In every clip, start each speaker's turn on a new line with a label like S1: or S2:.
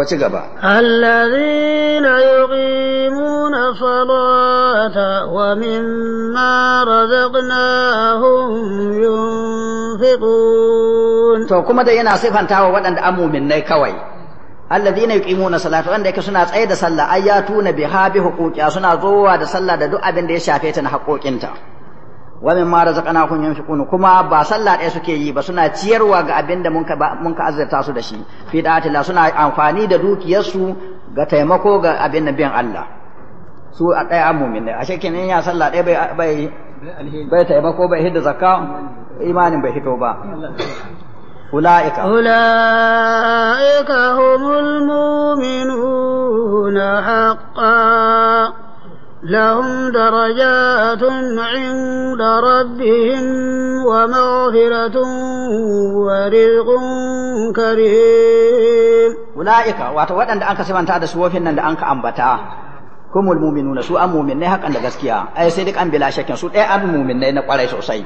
S1: to
S2: ci gaba alladhina yuqimuna salata wa mimma razaqnahum yunfiqun
S1: to kuma da yana wa waɗanda an mu'minnai kawai alladhina yuqimuna salata wanda yake suna tsaye da sallah ayatuna biha bi huquqiha suna zowa da sallah da duk abin da ya shafe ta na haƙoƙinta wa mimma razaqnahum yunfiqun kuma ba sallah ɗaya suke yi ba suna ciyarwa ga abin da munka munka azurta su da shi fi da'atillah suna amfani da dukiyarsu ga taimako ga abin da biyan Allah su a ɗaya mu'mini ashe kenan ya sallah ɗaya bai bai taimako bai hidda zakka imanin bai fito ba أولئك أولئك هم
S2: المؤمنون حقا لهم درجات عند ربهم ومغفرة
S1: ورزق كريم أولئك واتوات أن أنك سبحانه تعالى سوافين أن أنك أنبتا هم المؤمنون سوء مؤمنين حقا لغسكيا أي صدق أن بلا شك سوء أي المؤمنين قولي سوسي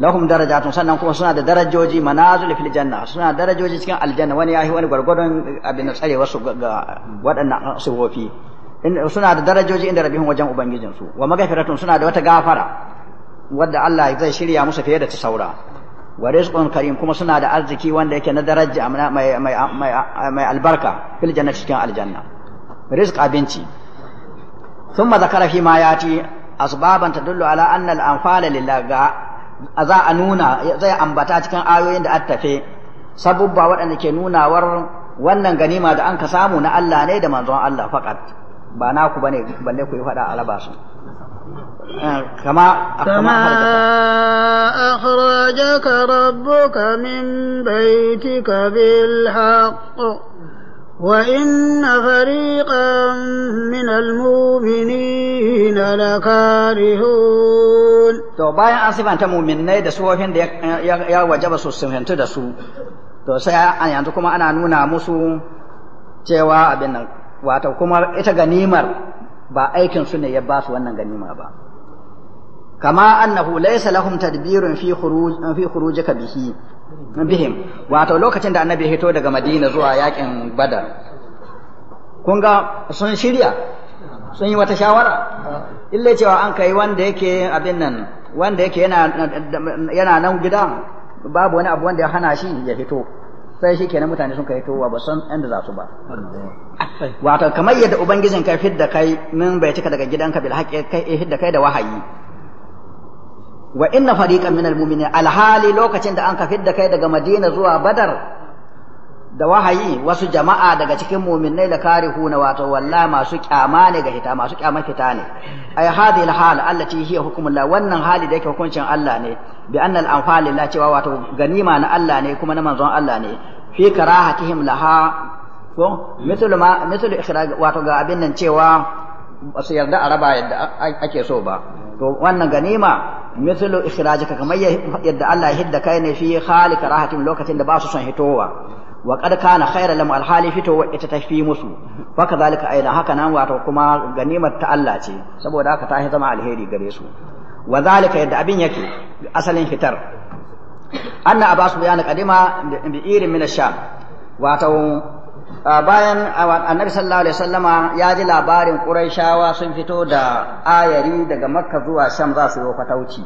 S1: lahum darajatun sannan kuma suna da darajoji manazil fil janna suna darajoji cikin aljanna wani yahi wani gwargwadon abin tsarewar su ga waɗannan sifofi suna da darajoji inda rabihun wajen ubangijinsu wa magafiratun suna da wata gafara wadda Allah zai shirya musu fiye da ta saura wa rizqun karim kuma suna da arziki wanda yake na daraja mai mai albarka fil jannati cikin aljanna rizq abinci thumma zakara fi ma yati asbaban tadullu ala anna al-anfala lillah ga za a nuna zai ambata cikin ayoyin da attafe sabubba waɗanda ke nunawar wannan ganima da an ka samu na Allah ne da manzon Allah faqat Ba na ku ba ne, ban ne ku yi waɗa ala ba eh, Kama a
S2: fara ka rabu ka min bai ta kabil haƙƙu,
S1: wa in na fariƙa min almominina na karihun. Bayan an sumanta mu minnai da su wajen da ya wajaba su, su fahimtu da su, to sai an yanzu kuma ana nuna musu cewa a binan. wato kuma ita ganimar ba aikin su ne ya ba su wannan ganima ba kama annahu laysa lahum tadbirun fi khuruj fi khurujika bihi bihim wato lokacin da annabi hito daga madina zuwa yakin badar kun ga sun shirya sun yi wata shawara illa cewa an kai wanda yake abin nan wanda yake yana yana nan gida babu wani abu wanda ya hana shi ya fito sai shi kenan mutane sun kai towa ba san inda za su ba wato kamar yadda ubangijin ka fidda kai min bai cika daga gidanka bil haqqi kai eh, fidda kai da wahayi wa inna fariqan minal mu'minin alhali lokacin da an ka fidda kai daga madina zuwa badar da wahayi wasu jama'a daga cikin muminai da karihuna wato wallahi masu kyama ne ga hita masu kyama fita ne ay hadhihi alhal allati hiya hukmullah wannan hali da yake hukuncin Allah ne bi anna al-anfal lillah cewa wato ganima na Allah ne kuma na manzon Allah ne fi karahatihim laha ko mithlu ma mithlu ikhraj wato ga abin nan cewa wasu yarda a raba yadda ake so ba to wannan ganima mithlu ikhrajika kamar yadda Allah ya hidda kai ne fi khali karahatim lokacin da ba su son hitowa wa qad kana khayran lam al fito wa ita tafi musu fa kazalika aina haka nan wato kuma ganimar ta Allah ce saboda haka ta zama alheri gare su wa zalika yadda abin yake asalin fitar anna ya na kadima bi irin min sha, sham wato bayan annabi sallallahu alaihi wasallama ya ji labarin quraishawa sun fito da ayari daga makka zuwa sham za su yi fatauci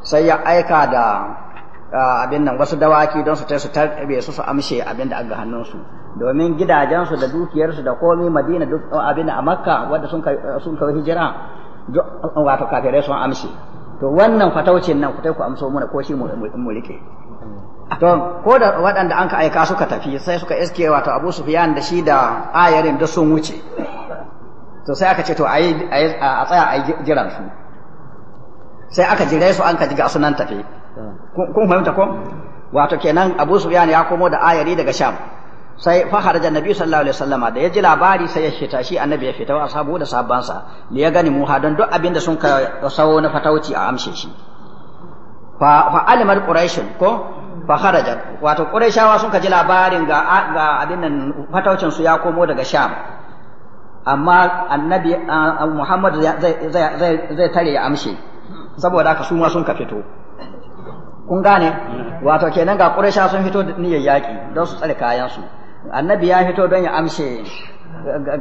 S1: sai ya aika da abin nan wasu dawaki don su tai su tarbe su su amshe abin da aka hannun su domin gidajensu da dukiyarsu da komi madina duk abin a makka wanda sun sun kai hijira wato kafirai sun amshe to wannan fataucin nan ku tai ku amso muna ko shi mu rike to ko da waɗanda an ka aika suka tafi sai suka iske wato Abu Sufyan da shi da ayarin da sun wuce to sai aka ce to ayi a tsaya ayi jiran su sai aka jira su an ka ga sunan tafi kun fahimta ko wato kenan Abu Sufyan ya komo da ayari daga Sham sai fa Nabi sallallahu alaihi wasallama da ya ji labari sai ya fita shi annabi ya fita wa ashabu da sabansa ne ya gani muha don duk abin da sun ka sawo na fatauci a amshe shi fa fa alimar quraish ko fa kharaja wato quraishawa sun kaji labarin ga ga abin nan fataucin su ya komo daga sham amma annabi muhammad zai zai zai tare ya amshe saboda haka su sun ka fito kun gane wato kenan ga quraisha sun fito da niyyar yaƙi don su tsare kayansu. annabi ya fito don ya amshe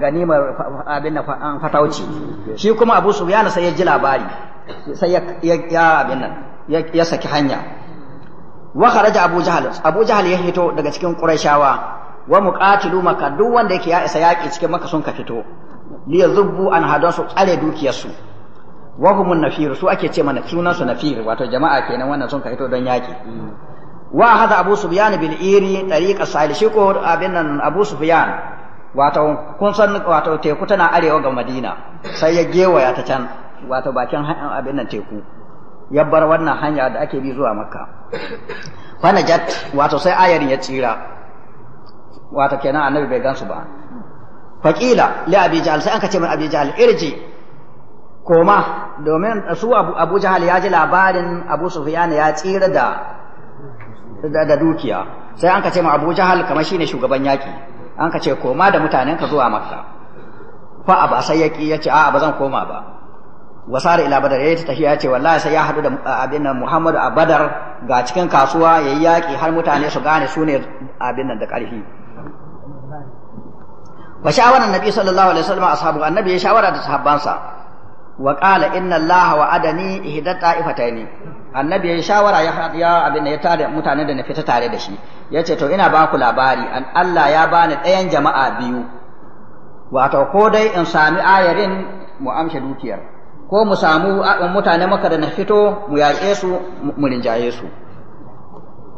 S1: ganimar abin da fatauci shi kuma abu sufyan sai ya ji labari sai ya abin nan ya saki hanya wa kharaja abu jahal abu jahal ya fito daga cikin ƙurashawa. wa muqatilu maka duk wanda yake ya isa yaƙi cikin maka sun ka fito li yazubbu an su tsare dukiyarsu wahumun nafir su ake ce mana sunan su nafir wato jama'a kenan wannan sun ka hito don yaki wa hada abu sufyan bil iri tariqa sahil shi ko abin nan abu sufyan wato kun san wato teku tana arewa ga madina sai ya gewa ya ta can wato bakin abin nan teku ya bar wannan hanya da ake bi zuwa makka fa najat wato sai ayarin ya tsira wato kenan annabi bai gansu ba faqila li abi jahal sai an ka ce min abi jahal irji koma domin su abu jahal ya ji labarin abu Sufiyana ya tsira da da dukiya sai an ka ce ma abu jahal kamar shine shugaban yaki an ka ce koma da mutanen ka zuwa makka fa ba sai yaki ya ce a'a ba zan koma ba wasara ila badar yayi tafiya ce wallahi sai ya hadu da abin nan muhammadu a badar ga cikin kasuwa yayi yaki har mutane su gane su ne abin nan da karfi wa sha'awar annabi sallallahu alaihi wasallam ashabu annabi ya shawara da sahabbansa wa qala inna allaha wa'adani ihda ta'ifataini annabi ya shawara ya hadiya abin da ya tare mutane da na fita tare da shi yace to ina ba ku labari an Allah ya bani ɗayan jama'a biyu wato ko dai in sami ayarin mu amshe dukiyar ko mu samu mutane maka da na fito mu yaƙe su mu rinjaye su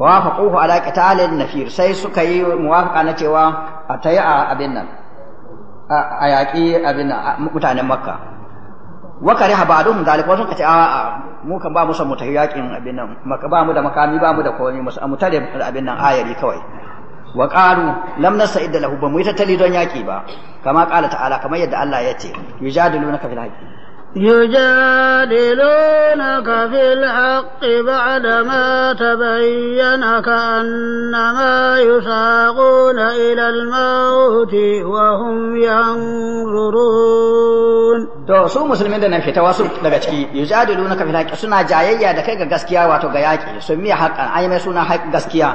S1: wafaquhu ala qitalin nafir sai suka yi muwafaqa na cewa a tayi a abin nan a yaƙi abin mutanen makka wa kariha ba'dhum dalik wasu kace a a mu kan ba mu san mutahi yakin abin nan ba mu da makami ba mu da komai mu mu tare abin nan ayari kawai wa qalu lam nasta'id lahu ba mu yi tattali don yaki ba kama qala ta'ala kamar yadda Allah ya ce yujadilunaka fil haqi يجادلونك في الحق بعدما
S2: تبين كأنما يساقون إلى الموت
S1: وهم ينظرون to su musulmin da nan fita wasu daga ciki yujadilunaka fil haqq suna jayayya da kai ga gaskiya wato ga yaki sun miya haqqan ai mai suna gaskiya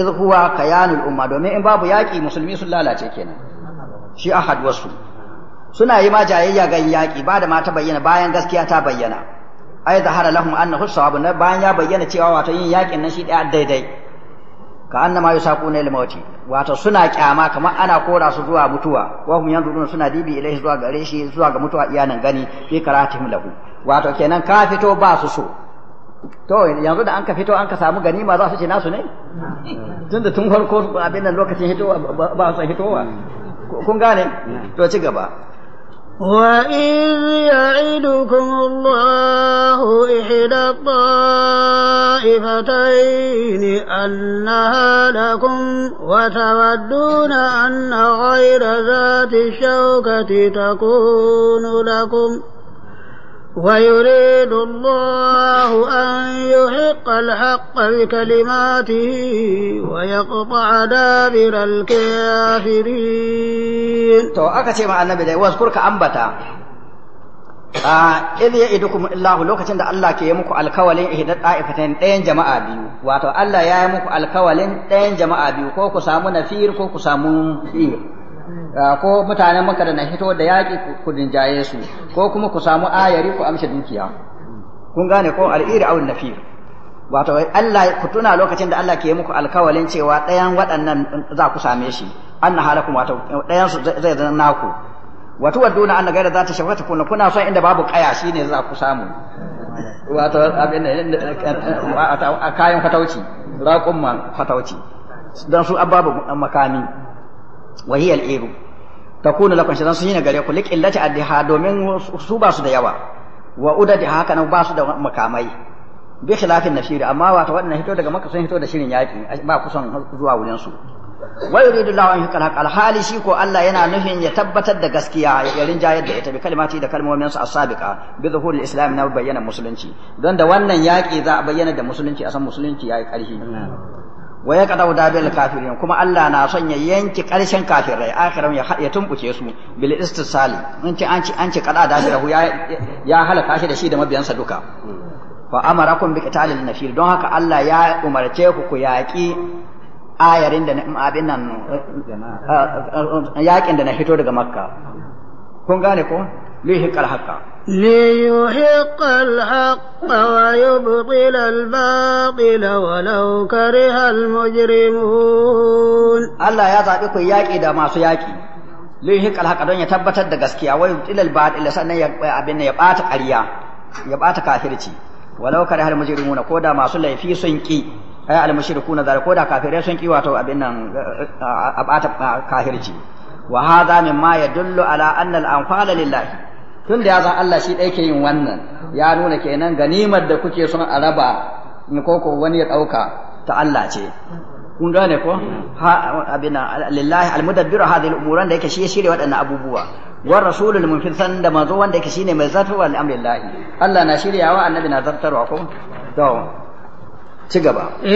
S1: idh huwa kayanul umma domin in babu yaki musulmi sun lalace kenan shi ahad wasu suna yi ma jayayya ga yaƙi ba da ma ta bayyana bayan gaskiya ta bayyana ai zahara lahum annahu sawabu na bayan ya bayyana cewa wato yin yaƙin nan shi ɗaya daidai ka annama yusaquna lil mauti wato suna kyama kamar ana kora su zuwa mutuwa wa hum yanzuruna suna dibi ilaihi zuwa gare shi zuwa ga mutuwa iyanan gani fi karatihim lahu wato kenan ka fito ba su so to yanzu da an ka fito an ka samu ganima za su ce nasu ne tun da tun farko abin nan lokacin hitowa ba su hitowa kun gane to ci gaba وإذ يعدكم الله إحدى الطائفتين
S2: أنها لكم وتودون أن غير ذات الشوكة تكون لكم ويريد الله أن يحق الحق بكلماته ويقطع دابر
S1: الكافرين تو أكتي مع النبي دي واذكرك أنبتا إذ يئدكم الله لو كتند الله كي يمكو الكوالين إهدت طائفتين تين جماعة بيو واتو الله يا يمكو الكوالين تين جماعة بيو كوكو سامو نفير كوكو سامو فير Ah, ko mutanen maka da na hito da yaƙi ku rinjaye su ko kuma ku samu ayari ku amshi dukiya kun gane ko al'iri awul nafir wato Allah ku tuna lokacin da Allah ke yi muku alkawalin cewa ɗayan waɗannan za ku same shi an na halakun wato ɗayan su zai zama naku wato wadduna an gaira za ta shafa ta kuna kuna son inda babu kaya shine za ku samu wato abin a kayan fatauci raqumman fatauci don su ababu makami wa hiya al-iru takunu lakum shi na gare ku a addiha domin su ba su da yawa wa udadi haka nan ba su da makamai bi khilafin nashiri amma wata wannan hito daga maka sun hito da shirin yaki ba kusan zuwa wurin su wa yuridu Allahu an hali shi ko Allah yana nufin ya tabbatar da gaskiya ya jayar da ya bi kalmati da kalmomin su as sabika, bi zuhur al-islam na bayyana musulunci don da wannan yaƙi za a bayyana da musulunci a san musulunci yi karfi wa ya kadau bil kafirin kuma Allah na son ya yanki karshen kafirai akhiran ya ya tumbuce su bil istisali in ci an ci an ci kada dabirahu ya ya halaka shi da shi da mabiyansa duka fa amarakum bi qitalin nafil don haka Allah ya umarce ku ku yaki ayarin da abin nan eh, eh, eh, yakin da na fito daga makka kun gane ko ليحق الحق
S2: ليحق الحق ويبطل الباطل
S1: ولو كره المجرمون الله يا ذاك ياكي دا ما ياكي ليحق الحق دون يتبتر da gaskiya wa yubtil al batil sannan ya abin ya bata ƙarya ya bata kafirci walau kare ko da masu laifi sun ki ya al mushrikuna da ko da kafirai sun ki wato abin nan a kafirci wa hadha mimma yadullu ala anna tun da ya san Allah shi ɗaya ke yin wannan ya nuna kenan ganimar da kuke son a raba ko ko wani ya ɗauka ta Allah ce kun gane ko ha abina lillahi almudabbiru hadhihi al-umuran da yake shi ya shirya waɗannan abubuwa war rasulul munfisan da mazo wanda yake shine mai zartarwa al-amrillahi Allah na shiryawa annabi na zartarwa ko to ci gaba in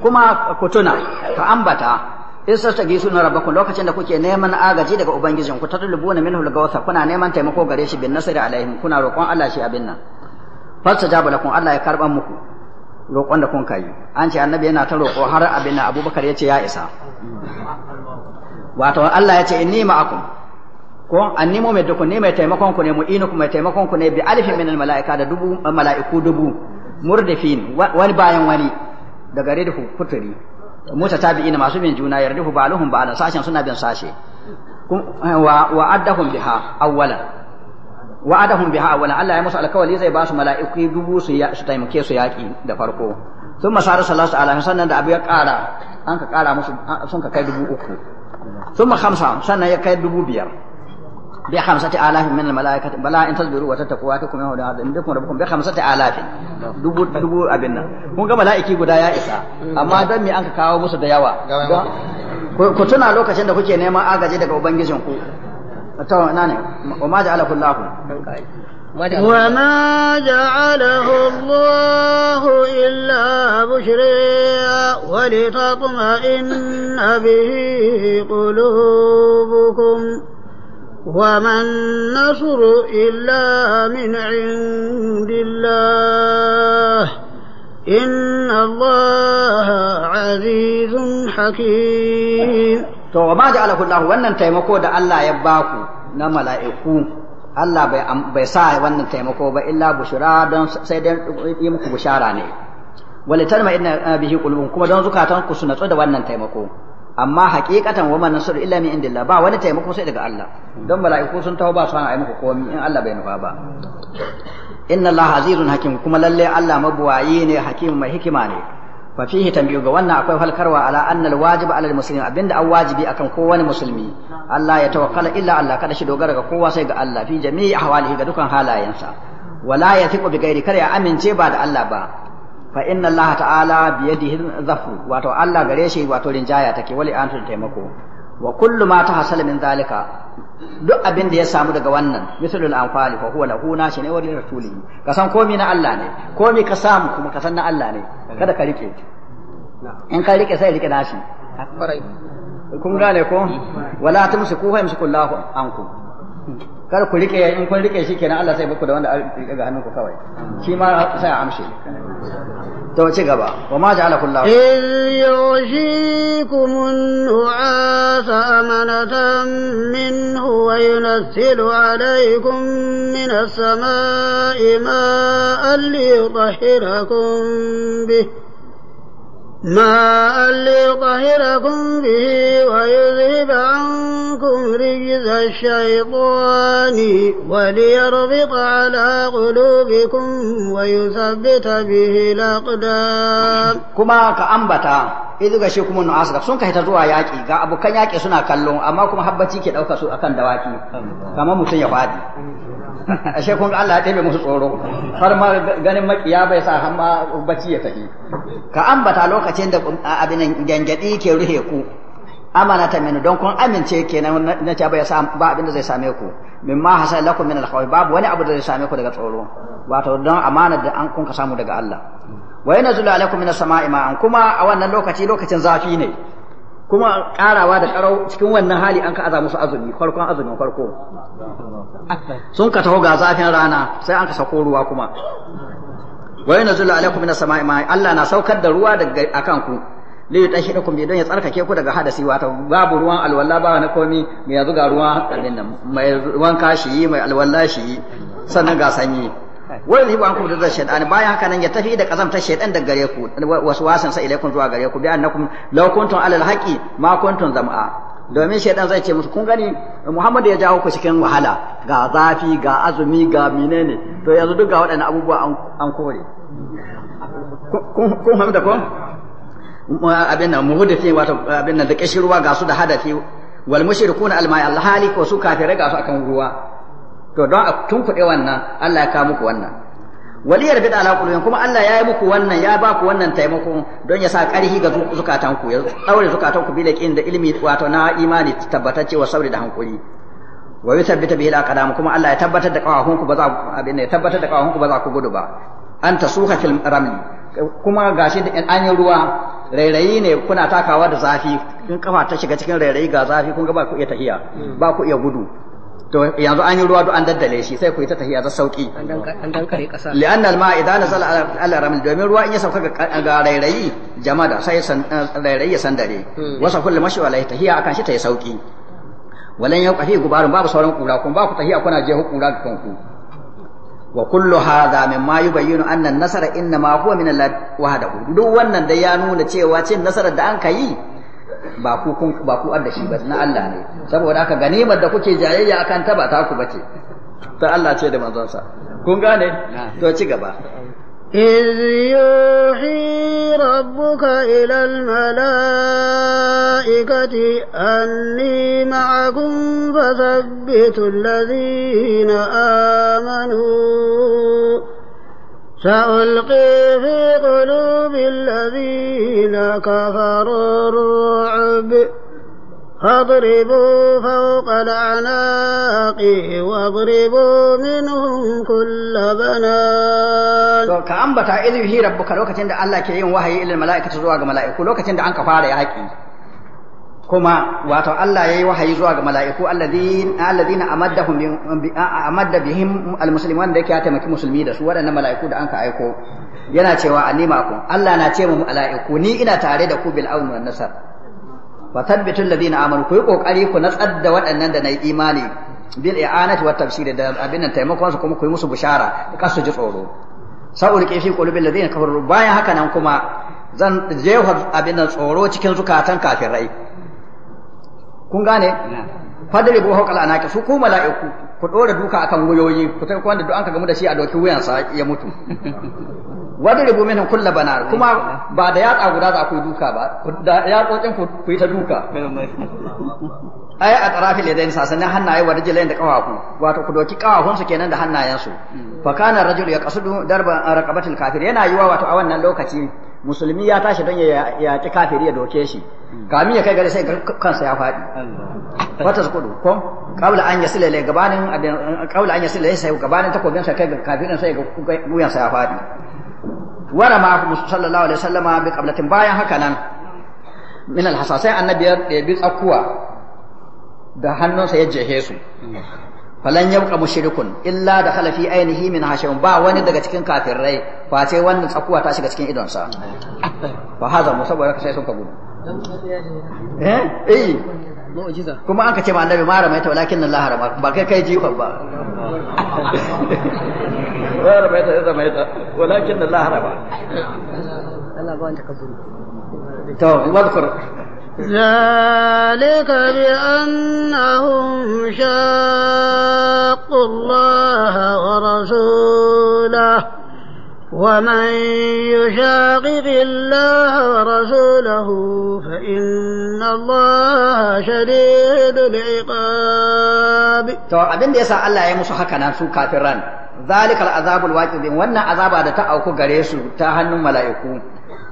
S1: kuma ku tuna ka ambata in sassage suna lokacin da kuke neman agaji daga ubangijin ku tatlubuna minhu kuna neman taimako gare shi bin nasri Allah ya muku roƙon da kun kai an ce annabi yana ta roƙo har abin da abubakar ya ce ya isa wato Allah ya ce inni ma'akum ko annimo mai dukun ne mai taimakon ku ne mu mu'inukum mai taimakon ku ne bi alifin minal mala'ika da dubu eh, mala'iku dubu murdifin wani bayan wani da gare da kuturi musa ina masu bin juna yarduhu ba ba'alan sashen suna bin sashe eh, wa wa'addahum biha awwalan Wa adahum biha awwala Allah ya musu alkawali zai ba su mala'iku dubu su su taimake su yaki da farko sun masara salatu alaihi sannan da abu ya ƙara an ka ƙara musu sun ka kai dubu uku sun ma hamsa sannan ya kai dubu biyar bi hamsati alafin min mala'ikati bala in tasbiru wa tattaqu wa takum yahudu hadin dukum rabbukum bi hamsati alafin dubu dubu abin kun ga mala'iki guda ya isa amma dan me an ka kawo musu da yawa ku tuna lokacin da kuke neman agaji daga ubangijinku to na ne wa ma ja'ala kullahu وما جعله الله إلا
S2: بشريا ولتطمئن به قلوبكم وما النصر إلا من عند الله إن
S1: الله عزيز حكيم to ma ja'ala kullahu wannan taimako da Allah ya baku na mala'iku Allah bai bai sa wannan taimako ba illa bushra don sai dan yi muku bushara ne walitarma inna bihi qulubun kuma don zukatan ku su natsu da wannan taimako amma haqiqatan wa man nasru illa min indillah ba wani taimako sai daga Allah don mala'iku sun tawo ba su hana ai muku komai in Allah bai nufa ba inna Allah azizun hakim kuma lalle Allah mabuwayi ne hakim mai hikima ne fa fihi tambiyu ga wannan akwai falkarwa ala anna alwajib ala almuslim abinda an wajibi akan kowane musulmi Allah ya tawakkala illa Allah kada shi dogara ga kowa sai ga Allah fi jami'i ahwalihi ga dukkan halayensa wala yathiqu bi ghairi kar ya amince ba da Allah ba fa inna Allah ta'ala bi yadihi zafu wato Allah gare shi wato rinjaya take wali antu taimako wa kullu ma hasalamin min zalika duk abin da ya samu daga wannan misalul anfali fa huwa lahu na shine wani rasuli ka san komai na Allah ne komai ka samu kuma ka san na Allah ne kada ka rike in ka rike sai rike nashi kun gane ko mm. wala tumsiku fa yamsiku Allahu ankum kar ku rike in kun rike shi kenan Allah sai muku da wanda rike ga hannunku kawai shi ma sai a amshe to ci gaba wa ma ja'ala kullahu iz yushikum nu'asa
S2: amanatan minhu wa yunzilu alaykum min as-sama'i ma'an liyutahhirakum bihi ما ليطهركم به ويذهب عنكم رجز الشيطان وليربط على
S1: قلوبكم ويثبت به الأقدام كما كأنبتا idu ga shi kuma nu'as sun kai ta zuwa yaƙi ga abokan yaƙi suna kallon amma kuma habbaci ke ɗauka su akan dawaki kamar mutum ya faɗi ashe kun Allah ya ɗebe musu tsoro har ma ganin makiya bai sa har ma bacci ya tafi ka ambata lokacin da abin gangadi ke ruhe ku amana ta minu don kun amince kenan na ce bai ba abin da zai same ku min ma hasa lakum min al-khawf babu wani abu da zai same ku daga tsoro wato don amana da an kun ka samu daga Allah wa yanzulu alaikum min as-sama'i ma'an kuma a wannan lokaci lokacin zafi ne kuma karawa da karau cikin wannan hali an ka aza musu azumi farkon azumin farko sun ka taho ga zafin rana sai an ka sako ruwa kuma wa yanzulu alaikum minas sama'i ma'i Allah na saukar da ruwa daga akan ku li yutahhirukum bi don ya tsarkake ku daga hadasi wata babu ruwan alwala ba na komi mai yanzu ga ruwa. nan mai ruwan kashi mai alwala shi sannan ga sanyi wai zai an kuma da zai shaytan bayan haka nan ya tafi da kazamtar shaidan da gare ku wasu wasan sa ilaikum zuwa gare ku bi annakum law kuntum alal haqi ma kuntum zam'a domin shaidan zai ce musu kun gani Muhammad ya jawo ku cikin wahala ga zafi ga azumi ga menene to yanzu duk ga waɗannan abubuwa an kore kun hamda ko abin nan muhuddathi wato abin nan da kishirwa ga su da hadafi wal mushrikuna al alhali ko halik wa su kafirai ga su akan ruwa to don a tunkuɗe wannan Allah ya kawo muku wannan waliyar bid'a ala qulubin kuma Allah ya yi muku wannan ya ba ku wannan taimako don ya sa ƙarfi ga zukatanku ya tsaure zukatanku bi laqin da ilimi wato na imani tabbatacce cewa sauri da hankuri wa tabbata bihi al-aqdam kuma Allah ya tabbatar da kawahunku ba za abin ya tabbatar da kawahunku ba za ku gudu ba an suha fil ramli kuma gashi da an yi ruwa rairayi ne kuna takawa da zafi kun kafa ta shiga cikin rairayi ga zafi kun ga ba ku iya tahiya ba ku iya gudu to yanzu an yi ruwa duk an daddale shi sai kuyi ta tahiya ta sauki an
S2: kare kasa li'anna
S1: al-ma'a idan nazala ala ramil domin ruwa in ya sauka ga rairayi jama'a sai rairayi ya sandare hmm. wasa kullu mashi wala tahiya akan shi ta yi sauki walan yauqa fi gubarun babu sauran kura kun ba ku tahiya kuna je hukun da ku. wa kullu hadha mimma yubayyinu anna an-nasara inma huwa min Allah wahdahu duk wannan da ya nuna cewa cin nasarar da an kai ba ku kun ba ku adda shi ba na Allah ne saboda haka ganimar da kuke jayayya akan ta ba ta ku bace ta Allah ce da sa kun gane to ci gaba إذ يوحي
S2: ربك إلى الملائكة أني معكم فثبتوا الذين آمنوا سألقي في قلوب الذين كفروا الرعب فاضربوا
S1: فوق الأعناق واضربوا منهم كل بنان to ka ambata idhi rabbuka lokacin da Allah ke yin wahayi ilal mala'ikatu zuwa ga mala'iku lokacin da an ka fara yaki kuma wato Allah ya yi wahayi zuwa ga mala'iku alladhin alladhina amadda bihim da yake ya taimaki musulmi da su waɗannan mala'iku da anka aiko yana cewa animakum Allah na ce mu mala'iku ni ina tare da ku bil aun wan nasar wa thabbitu alladhina amanu ku yi kokari ku natsar da waɗannan da na yi imani bil i'anati wat tafsir da abin taimakon su kuma ku yi musu bushara kar su ji tsoro sa'ulqi fi qulubil ladina kafaru bayan haka nan kuma zan jefa abin tsoro cikin zukatan kafirai kun gane fadari bu hawqal ke su ku mala'iku ku dora duka akan wuyoyi ku ta kwanda duk an ka gamu da shi a doki wuyansa ya mutu wadari bu minhum kullu banar kuma ba da yatsa guda za ku duka ba da yatsotin ku ku yi ta duka ai a tarafil yadayn sasannin hannaye wa rijlayn da kawaku wato ku doki kafafun su kenan da hannayen su hmm. fa kana rajul yaqsudu darban raqabatil kafir yana yiwa wato a wannan lokaci musulmi ya tashi don ya yaki kafiri ya doke shi kami ya kai gare sai kansa ya faɗi wata sukudu kudu ko kawula an yasila lai gabanin kawula an yasila sai gabanin takobin sa kai ga kafirin sai ga guyan sa ya faɗi wara ma ku sallallahu alaihi wasallama bi qablatin bayan haka nan min alhasasai annabi ya bi tsakuwa da hannunsa ya jehe su falan yabqa mushrikun illa da fi ainihi min hashim ba wani daga cikin kafirai face wannan tsakuwa ta shiga cikin idonsa fa haza mu saboda sai sun ka gudu eh eh mu'jiza kuma an ce ma annabi ma walakin Allah harama ba kai kai ba walakin harama Allah ba wanda to wadkur
S2: ذلك بأنهم شاقوا الله ورسوله ومن يشاقق الله ورسوله فإن الله شديد العقاب
S1: to abin da sa Allah ya musu haka nan su kafiran azabar azabul waqidin wannan azaba da ta auku gare su ta hannun mala'iku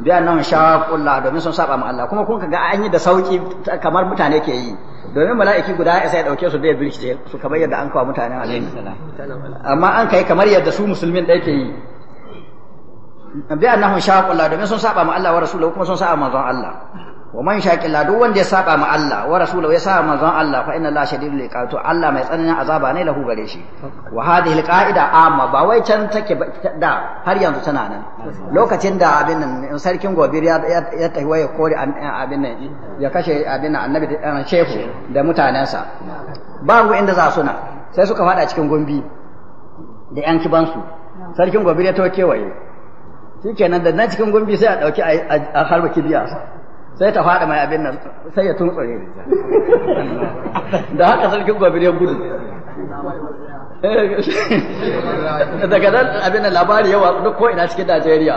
S1: bi annahum shaqullah domin sun saba ma Allah kuma kun ga an da sauki kamar mutane ke yi domin mala'iki guda ya sai su bai birkice su kamar yadda an kawo mutanen amma an kai kamar yadda su musulmin da ke yi bi annahu shaqu Allah domin sun saba ma Allah wa rasulahu kuma sun saba zan Allah wa man shaqi Allah duk wanda ya saba ma Allah wa rasulahu ya saba zan Allah fa inna Allah shadidul iqab to Allah mai tsananin azaba ne lahu gare shi wa hadhihi alqaida amma ba wai can take da har yanzu tana nan lokacin da abin nan sarkin gobir ya ya tafi waye kore abin nan ya kashe abin nan annabi eh, shehu da mutanensa babu inda za su na sai suka fada cikin gombi da yan kibansu sarkin gobir ya tawo kewaye nan da na cikin gumbi sai a ɗauki a harba kibiya sai ta fada mai abin nan sai ya tuntsure da haka sarkin gobe ya gudu daga nan abin nan labari yawa duk ko ina cikin Najeriya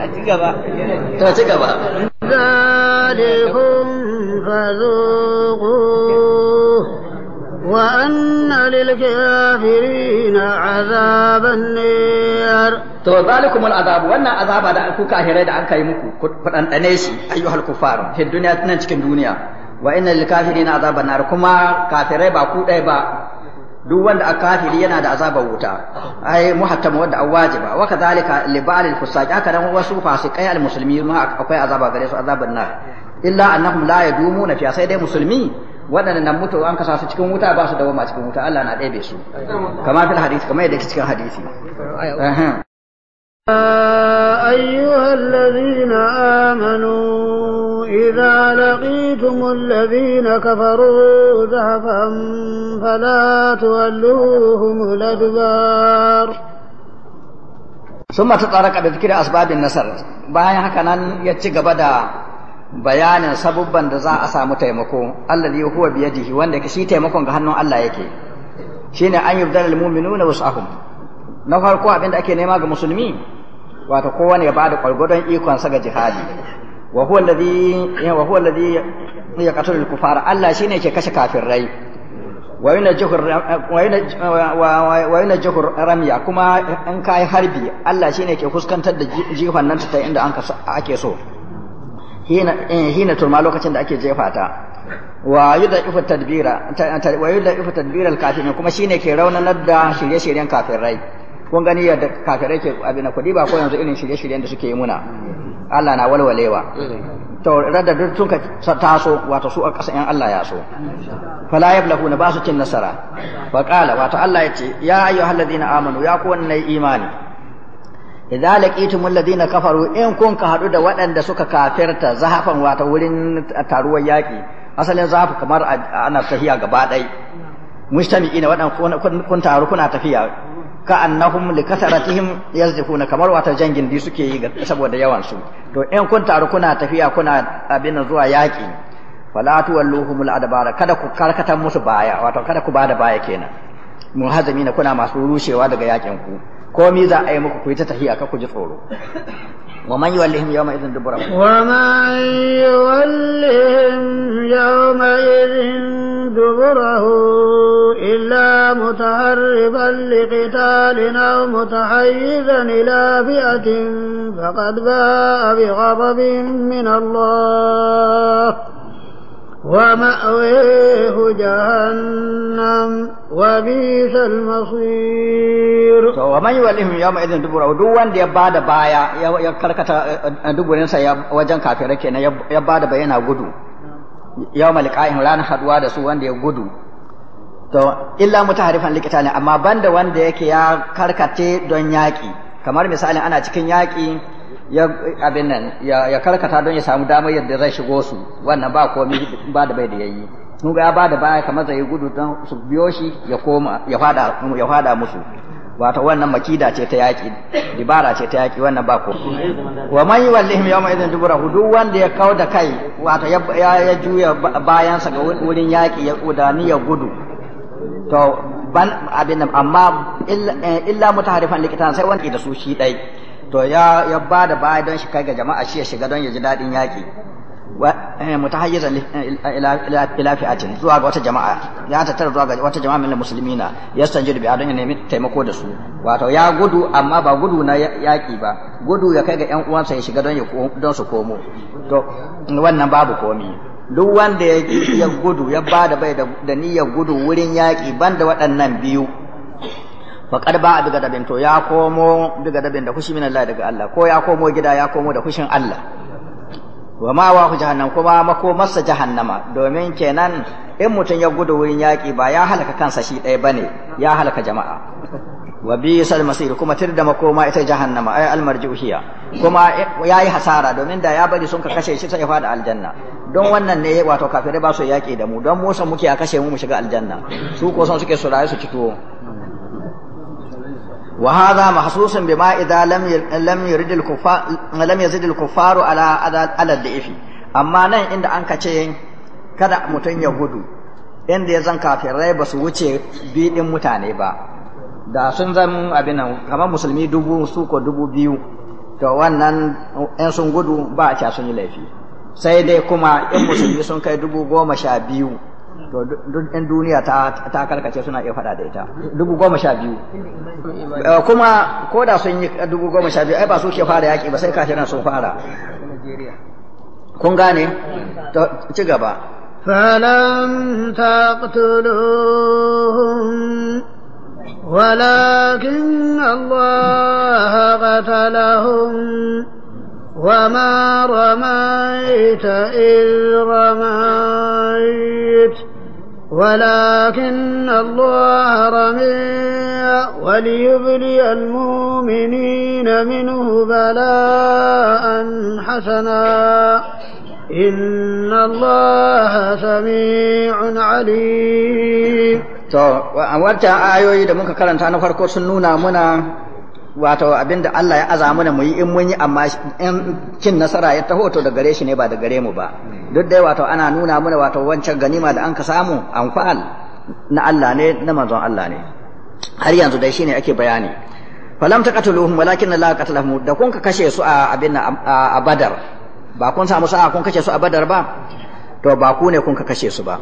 S2: to ci gaba ذلكم فذوقوه
S1: وأن
S2: للكافرين عذاب النار
S1: to zalikum al'azab wannan azaba da ku kafirai da aka yi muku ku dane shi ayyuhal kufar fi duniya nan cikin duniya wa inna lil kafirin azaban nar kuma kafirai ba ku dai ba duk wanda a kafiri yana da azabar wuta ai muhattam wanda an wajiba wa kadhalika li ba'al fusaq haka nan wasu fasikai al musulmi ma akwai azaba gare su azabar nar illa annahum la na fi sai dai musulmi waɗanda nan mutu an kasa su cikin wuta ba su dawoma cikin wuta Allah na ɗebe su kamar fil hadisi kamar yadda cikin hadisi
S2: أيها الذين amanu. إذا لقيتم الذين كفروا زحفا فلا تولوهم الأدبار
S1: ثم تطرق بذكر أسباب النصر bayan haka nan ya ci gaba da bayanin sabubban da za a samu taimako alladhi huwa bi yadihi wanda shi taimakon ga hannun Allah yake shine an yubdalal mu'minuna wasahum na farko abinda ake nema ga musulmi wato kowane ya bada kwargwadon ikon sa ga jihadi wa huwa alladhi eh, wa huwa alladhi yaqtulu al-kufara Allah shine yake kashe kafirai wa yunajjihu ramya kuma in kai harbi Allah shine yake fuskantar da jifan nan ta inda ake so hina eh, hina turma lokacin da ake jefa ta wa yudaifu tadbira wa yudaifu tadbira al-kafirin kuma ke raunanar da shirye-shiryen kafirai kun gani yadda kafirai ke abin kudi ba ko yanzu irin shirye-shiryen da suke yi muna Allah na walwalewa to radda duk sun ka taso wato su a ƙasa in Allah ya so fala yablahuna ba su cin nasara fa qala wato Allah ya ce ya ayyuhalladhina amanu ya ku wannan imani idza laqitumul ladina kafaru in kun ka hadu da waɗanda suka kafirta zahafan wato wurin taruwar yaki asalin zahafu kamar ana tafiya gaba ɗaya mujtami'ina waɗanda kun taru kuna tafiya ka annahum li kasaratihim yazdikuna kamar wata jangin di suke yi saboda yawan su to in kun taru kuna tafiya kuna abin zuwa yaki fala tuwalluhum adbara kada ku karkatar musu baya wato kada ku bada baya kenan na kuna masu rushewa daga yakin ku komi za a yi muku ku yi ta tafiya ka ku ji tsoro ومن يولهم يومئذ دبره ومن
S2: يولهم يومئذ دبره إلا متهربا لقتال أو متحيزا إلى فئة فقد باء بغضب من الله ومأويه جهنم
S1: وبئس المصير ومن يوليهم يومئذ دبره duk wanda ya bada baya ya karkata duburinsa wajen kafirai kenan ya bada bayana gudu yawmal qa'im ranar haduwa da su wanda ya gudu to illa mutaharifan likitani amma banda wanda yake ya karkace don yaki kamar misalin ana cikin yaki ya abin nan ya karkata don ya samu damar yadda zai shigo su wannan ba komai ba da bai da yayi mun ga ya ba da baya kamar zai gudu don su biyo shi ya koma ya fada ya fada musu wato wannan makida ce ta yaki dibara ce ta yaki wannan ba ko wa man ya yawma idan dubura hudu wanda ya kawo da kai wato ya juya bayan sa ga wurin yaki ya kudani ya gudu to ban abin amma eh, illa mutaharifan likitan sai wanda da su shi dai to ya ya ba da baya don shi kai ga jama'a shi ya shiga don ya ji daɗin yaƙi eh, mutahayyizan eh, ila fi'atin zuwa ga wata jama'a ya tattara zuwa ga wata jama'a min muslimina yastanjir bi don ya nemi taimako da su wato ya gudu amma ba gudu na yaƙi ba gudu ya kai ga ƴan uwansa ya shiga don ya don su komo to wannan babu komi duk wanda ya gudu ya ba da bai da niyyar gudu wurin yaƙi banda waɗannan biyu faqad ba daga gadabin to ya komo daga gadabin da kushi min daga Allah ko ya komo gida ya komo da kushin Allah wa ma wa jahannam kuma masa jahannama domin kenan in mutum ya gudu wurin yaƙi ba ya halaka kansa shi ɗaya bane ya halaka jama'a wa bi masir kuma tir da makoma ita jahannama ay al marjuhiya kuma yayi hasara domin da ya bari sun ka kashe shi sai ya fada aljanna don wannan ne wato kafirai ba su yaƙi da mu don musa muke a kashe mu mu shiga aljanna su ko san suke su rayu su ci tuwo وهذا محسوس بما إذا لم لم يرد الكفار لم يزد الكفار على amma nan inda an kace kada mutum ya gudu inda ya zan kafirai ba su wuce biɗin mutane ba da sun zan abin kamar musulmi dubu su ko dubu biyu to wannan in sun gudu ba a sun yi laifi sai dai kuma 'yan musulmi sun kai dubu goma sha biyu to duk ɗan duniya ta karkace suna iya faɗa da ita dubu goma sha biyu eh, kuma ko da sun yi dubu goma sha biyu ai ba su ke fara yaƙi ba sai na sun fara kun gane ci gaba
S2: Allah
S1: تقتلوهم
S2: ولكن الله قتلهم وما رميت إذ رميت ولكن الله رميع وليبلي المؤمنين منه بلاء حسنا
S1: إن الله سميع عليم to wancan ayoyi da muka karanta na farko sun nuna muna wato abinda Allah ya aza mana mu yi in mun yi amma in cin nasara ya taho to da gare shi ne ba da gare mu ba duk dai wato ana nuna mana wato wancan ganima da an ka samu anfa'al na Allah ne na manzon Allah ne har yanzu dai shine ake bayani falam taqatuluhum walakin Allah qatalahum da kun ka kashe su a abin a badar ba kun samu sa'a kun kashe su a badar ba to ba ku ne kun ka kashe su ba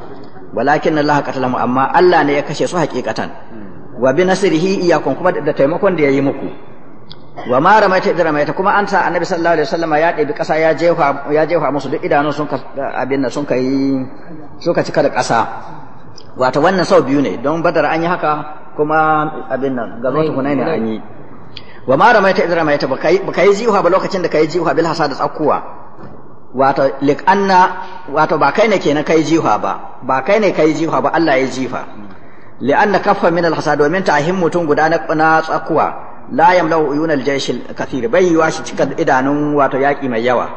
S1: walakin Allah qatalahum amma Allah ne ya kashe su hakikatan wa bi nasrihi iyakum kuma da taimakon da yayi muku wa ma ramaita idza ramaita kuma an sa annabi sallallahu alaihi wasallam ya ɗebi ƙasa ya jefa ya jefa musu duk idanun sun ka abin nan sun kai ka cika da ƙasa wato wannan sau biyu ne don badar an yi haka kuma abin nan ga zuwa ne an yi wa ma ramaita idza ramaita baka yi jiwa ba lokacin da kai jiwa bil hasa da tsakkuwa wato lik anna wato ba kai ne kenan kai jiwa ba ba kai ne kai jiwa ba Allah ya jifa li'anna kaffa min al domin tahin mutum guda na tsakuwa la yamlau uyun al-jaysh al-kathir bai yiwa shi cika idanun wato yaki mai yawa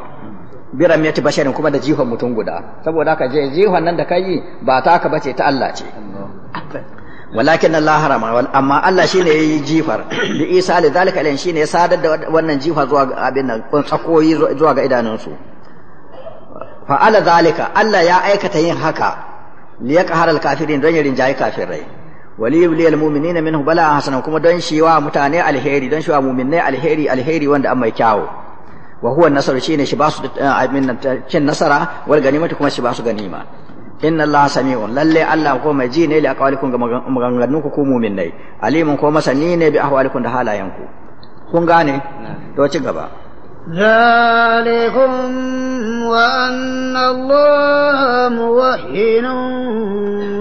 S1: biram yati basharin kuma da jihon mutum guda saboda ka je jihon nan da kai ba taka ka bace ta Allah ce walakin Allah harama amma Allah shine yayi jifar da Isa da zalika alayhi shine ya sadar da wannan jifa zuwa abin nan tsakoyi zuwa ga idanunsu fa zalika Allah ya aikata yin haka li harar al-kafirin don ya rinjaye kafirai wali yubli al minhu bala hasanan kuma don shi wa mutane alheri don shi wa mu'minai alheri alheri wanda an mai kyawo wa huwa an-nasr shine shi basu eh, amin cin nasara wal ganimati kuma shi basu ganima inna allaha sami'un lalle allah ko mai ji ne li aqwalikum ga maganganun ku mu'minai alimun ko masani ne bi ahwalikum da halayenku kun gane to ci gaba
S2: ذلكم وأن الله موهن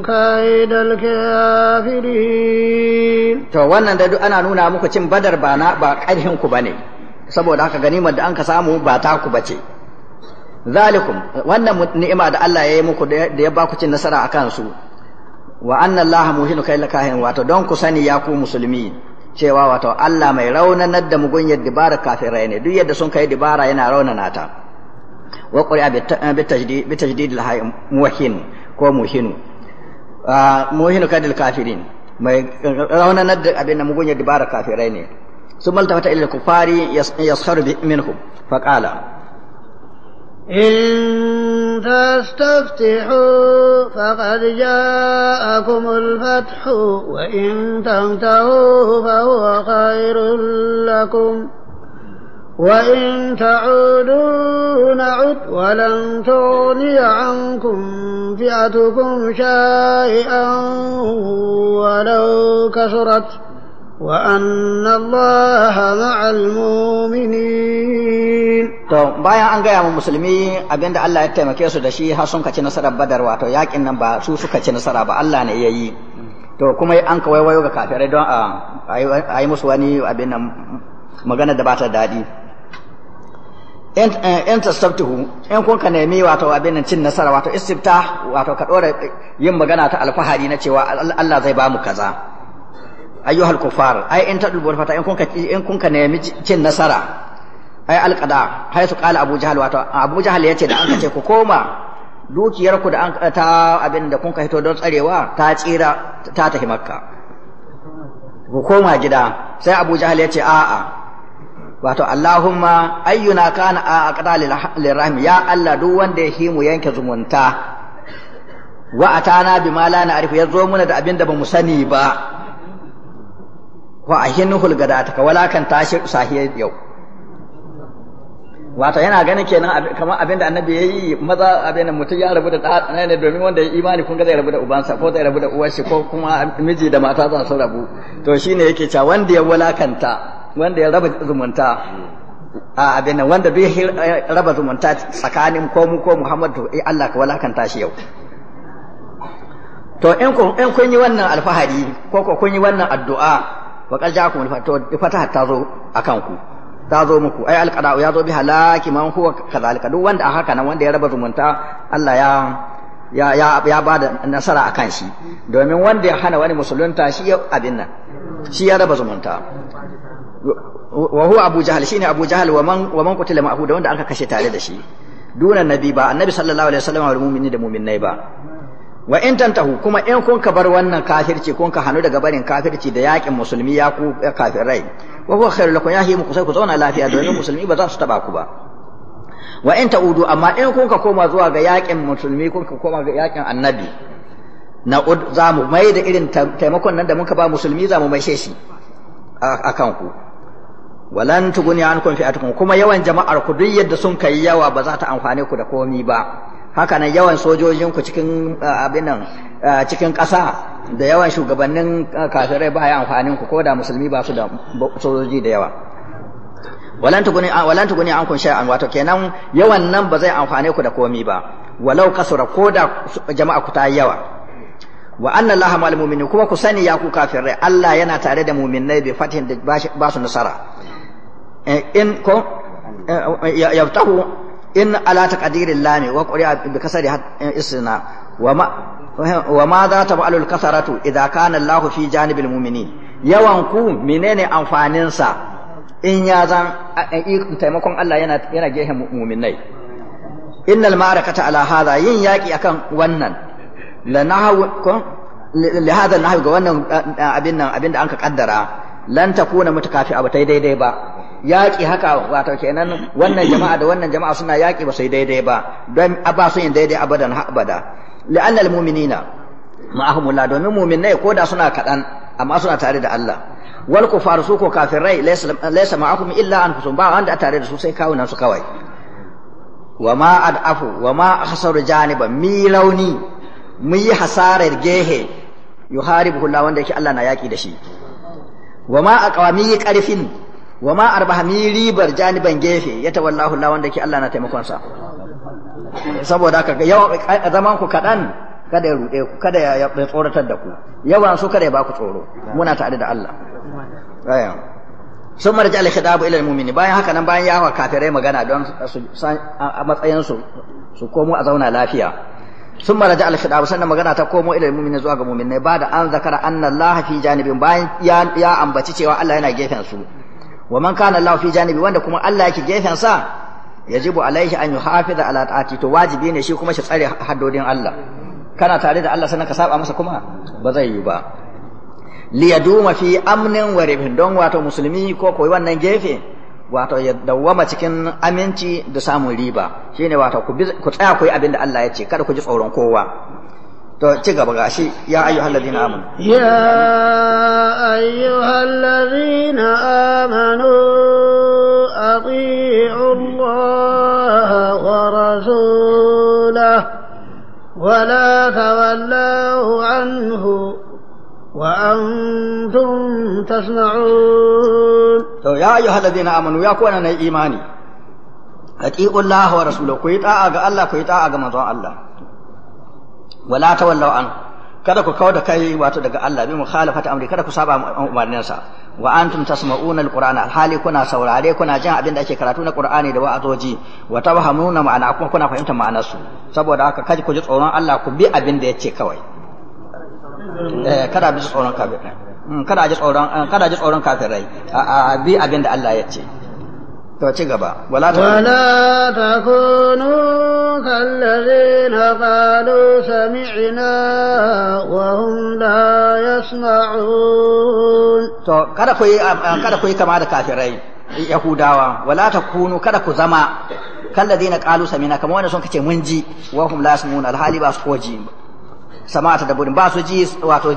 S2: كيد
S1: الكافرين to wannan da duk ana nuna muku cin badar ba na ba ƙarfin ku bane saboda haka ganimar da an ka samu ba ta ku bace zalikum wannan ni'ima da Allah ya yi muku da ya ba ku cin nasara akan su wa anna Allah muhinu kayla kahin wato don ku sani ya ku musulmi cewa wato Allah mai raunanar da mugunyar dibara kafirai ne duk yadda sun kai dibara yana raunana ta wa qur'a bi tajdid al muhin ko muhinu ah, muhinu kadil kafirin mai raunanar da abin da mugunyar dibara kafirai ne sun maltafata ila kufari yaskharu minhum faqala
S2: إن تستفتحوا فقد جاءكم الفتح وإن تنتهوا فهو خير لكم وإن تعودوا نعد ولن تغني عنكم فئتكم شيئا
S1: ولو كثرت وأن الله مع المؤمنين to bayan an gaya wa musulmi abinda Allah ya taimake su da shi har sun kaci nasarar badar wato yakin nan ba su suka ci nasara ba Allah ne ya yi to kuma an kawai wayo ga kafirai don a yi musu wani abin nan magana da ba ta daɗi in eh, tasabtuhu in kun ka nemi wato abin nan cin nasara wato istifta wato ka ɗora yin magana ta alfahari na cewa Allah zai ba mu kaza ayyuhal kufar ai in tadul fata in kunka in kunka nemi cin nasara ai alqada hay su qala abu jahal wato abu jahal yace da an ka ce ku koma dukiyar ku da an ta abin da ka hito don tsarewa ta tsira ta tafi makka ku koma gida sai abu jahal yace a'a wato allahumma ayyuna kana a aqda lirahim ya allah duk wanda ya himu yanke zumunta wa atana bima la na arifu yazo muna da abin da bamu sani ba Ko a hulgada ta ka walakan tashi sahiya yau wato yana ganin kenan kamar abinda annabi ya yi maza abinda mutum ya rabu da ɗana ne domin wanda ya imani kun ga zai rabu da ubansa ko zai rabu da uwarsa ko kuma miji da mata za su rabu to shi ne yake cewa wanda ya walakanta wanda ya raba zumunta a abinda wanda bai ya raba zumunta tsakanin ko mu ko Muhammadu eh Allah ka walakanta shi yau to in kun yi wannan alfahari ko ko kun yi wannan addu'a wa qad ja'akum al-fataha ta zo akan ku ta zo muku ai alqada'u ya zo bi halaki man huwa kadhalika wanda haka nan wanda ya raba zumunta Allah ya ba da nasara akan shi domin wanda ya hana wani musulunta shi ya abin nan shi ya raba zumunta wa huwa abu jahal shine abu wa man wa man qutila ma'hu da wanda aka kashe tare da shi dunan nabi annabi sallallahu alaihi da ba wa in tantahu kuma in kun ka bar wannan kafirci kun ka hanu daga barin kafirci da yakin musulmi ya ku kafirai wa huwa khairu lakum ya himu kusai ku zauna lafiya domin musulmi ba za su taba ku ba wa in ta'udu amma in kun ka koma zuwa ga yakin musulmi kun ka koma ga yakin annabi na za mu mai da irin taimakon nan da muka ba musulmi za mu mai shi a ku walan tuguni an kun fi'atukum kuma yawan jama'ar ku duk yadda sun kai yawa ba za ta amfane ku da komi ba haka nan yawan sojojinku cikin eh, abin nan eh, cikin ƙasa da yawan shugabannin eh, kafirai ba ya amfanin ku ko da musulmi ba su da sojoji da yawa walan guni ah, walan tuguni an kun sha'an, wato kenan yawan nan ba zai amfane ku da komi ba walau kasura ko da jama'a ku ta yawa wa anna allaha ma'al mu'minin kuma ku sani ya ku kafirai Allah yana tare da mu'minai bi fatin da ba su nasara in ko yaftahu in ala taqdiril lam wa quri'a bi kasri isna wa ma wa ma za ta ba'alul kasaratu idza kana Allah fi janibil mu'minin yawan ku menene amfanin sa in ya zan taimakon Allah yana yana gehen mu'minai innal ma'arakata ala hadha yin yaki akan wannan la nahawu li hadha nahawu ga wannan abin nan abin da anka kaddara lan takuna mutakafi abu tai daidai ba yaƙi haka wato kenan wannan jama'a da wannan jama'a suna yaƙi ba sai daidai ba don ba su yin daidai abadan ha abada la'anna almu'minina ma'ahumullah domin mu'minai ko da suna kaɗan amma suna tare da Allah wal kufaru su ko kafirai laysa ma'akum illa anfusum ba wanda a tare da su sai kawunan su kawai wa ma adafu wa ma hasaru janiba mi rauni mu yi hasarar gehe yuharibu Allah wanda yake Allah na yaƙi da shi wa ma aqwami karfin wa ma arbahami janiban gefe ya tawallahu Allah wanda ke Allah na taimakon sa saboda haka yawan zaman kada ya tsoratar da ku yawan su kada ya ba ku tsoro muna tare da Allah aya sun marja al-khidab ila al-mu'mini bayan ya nan kafirai magana don a matsayin su su komo a zauna lafiya sun maraja al-khidab sannan magana ta komo ilal mu'minin zuwa ga mu'minai ba da an zakara anna Allah fi janibin bayan ya ambaci cewa Allah yana gefen su wa man kana Allah fi janibi wanda kuma Allah yake gefen sa yajibu alaihi an yuhafiza ala ta'ati to wajibi ne shi kuma shi tsare haddodin Allah kana tare da Allah sannan ka saba masa kuma ba zai yi ba liyaduma fi amnin wa don wato musulmi ko koyi wannan gefe wato ya dawwama cikin aminci da samun riba shine wato ku tsaya ku yi abin da Allah ya ce kada ku ji tsoron kowa to ci gaba gashi ya ayyuhal ladina amanu ya
S2: ayyuhal ladina amanu ati'u Allah wa rasulahu wa la anhu
S1: وأنتم تسمعون تو يا أيها الذين آمنوا يا كوانا ني إيماني أتيقوا الله ورسوله كويتا أغا الله كويتا أغا مزوان الله ولا تولوا عنه kada ku kawo da kai wato daga Allah bi mukhalafata amri kada ku saba umarninsa wa antum tasma'una alqur'ana hali kuna saurare kuna jin abin da ake karatu na qur'ani da wa'azoji wa tawhamuna ma'ana kuma kuna fahimta ma'anarsu saboda haka kaji ku ji tsoron Allah ku bi abin da yake kawai Eh, mm, eh, kada ji tsoron kafirai kada ji tsoron kada ji tsoron kafirai a bi abin da Allah ya ce to ci gaba wala ta
S2: wala takunu kallazina qalu sami'na wa hum la yasma'un
S1: to kada ku eh, kada ku kama da kafirai yahudawa wala takunu kada ku zama kallazina qalu sami'na kamar wanda sun kace mun ji wa hum la yasma'un alhali ba su ji. sama'ata da burin ba su ji wato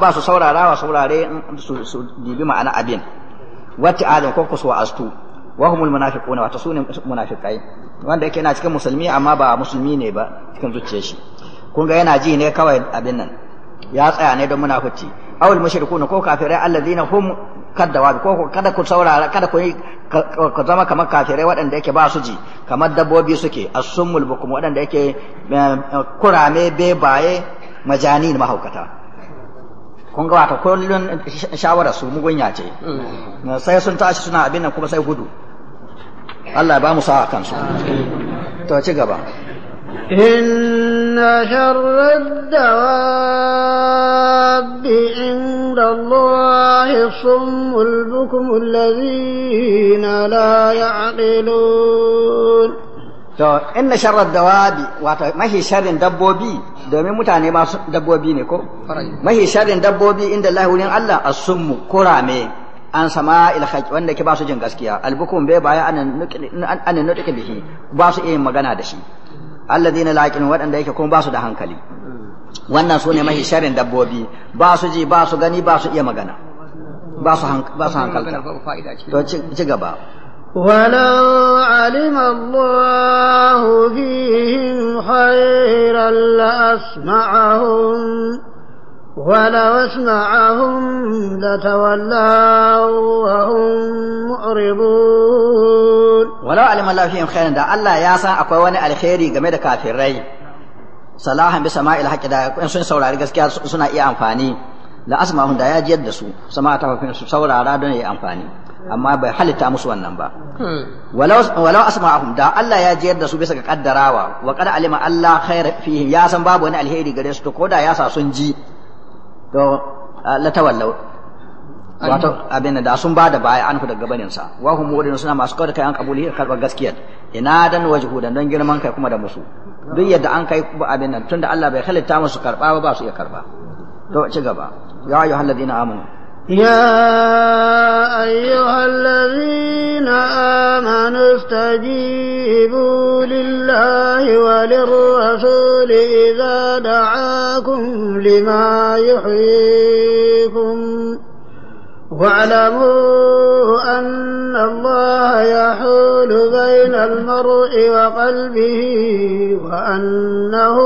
S1: ba su saurara wa saurare su dibi ma'ana abin wata adam ko kusuwa astu wa humul munafiquna wato sunan munafiqai wanda yake yana cikin musulmi amma ba musulmi ne ba cikin zuciyar shi kun ga yana ji ne kawai abin nan ya tsaya ne don munafici aw al mushrikuna ko kafirai allazina hum kaddawa ko kada ku saurara kada ku ka zama kamar kafirai waɗanda yake ba su ji kamar dabbobi suke asumul bukum waɗanda yake kurame be baye majani mahaukata kun ga wata kullun shawara su mugunya ce sai sun tashi suna abin nan kuma sai gudu Allah ya ba mu sa'a kansu to ci gaba
S2: إن شر الدواب عند الله الصم البكم الذين
S1: لا يعقلون To, inna sharra dawabi, wato mahi sharrin dabbobi, domin mutane masu dabbobi ne ko? Mahi sharrin dabbobi inda Allah wurin Allah a sunmu kurame an sama ilhaq wanda ke ba su jin gaskiya, albukun bai baya anan nutuki bihi ba su iya magana da shi. alladhina la yaqilun waɗanda yake kuma ba su da hankali wannan su ne mahi sharin dabbobi ba su ji ba su gani ba su iya magana ba su ba hankalta to ci gaba
S2: ولو علم الله فيهم خيرا لأسمعهم ولو اسمعهم لتولوا وهم معرضون
S1: walau alima Allah fihim khairan da Allah ya san akwai wani alheri game da kafirai salahan bi sama'il haqqi da in sun saurari gaskiya suna iya amfani la asma'un da ya jiyar da su sama ta fafin su saurara don yi amfani amma bai halitta musu wannan ba hmm. walau walau asma'ahum da Allah ya jiyar da su bisa ga kaddarawa wa qad alima Allah khair fihi ya san babu wani alheri gare su to koda ya sa sun ji to la tawallau wato abin da sun ba da baya an ku daga gabaninsa sa wa hum muridun suna masu kawar kai an kabuli karbar gaskiya. ina dan wajhudan don girman kai kuma da musu duk yadda an kai abin nan tunda Allah bai halitta musu karba ba su iya karba to ci gaba ya ayyuhal ladina amanu يا أيها الذين
S2: آمنوا استجيبوا لله وللرسول إذا دعاكم لما يحييكم واعلموا أن الله يحول بين المرء وقلبه وأنه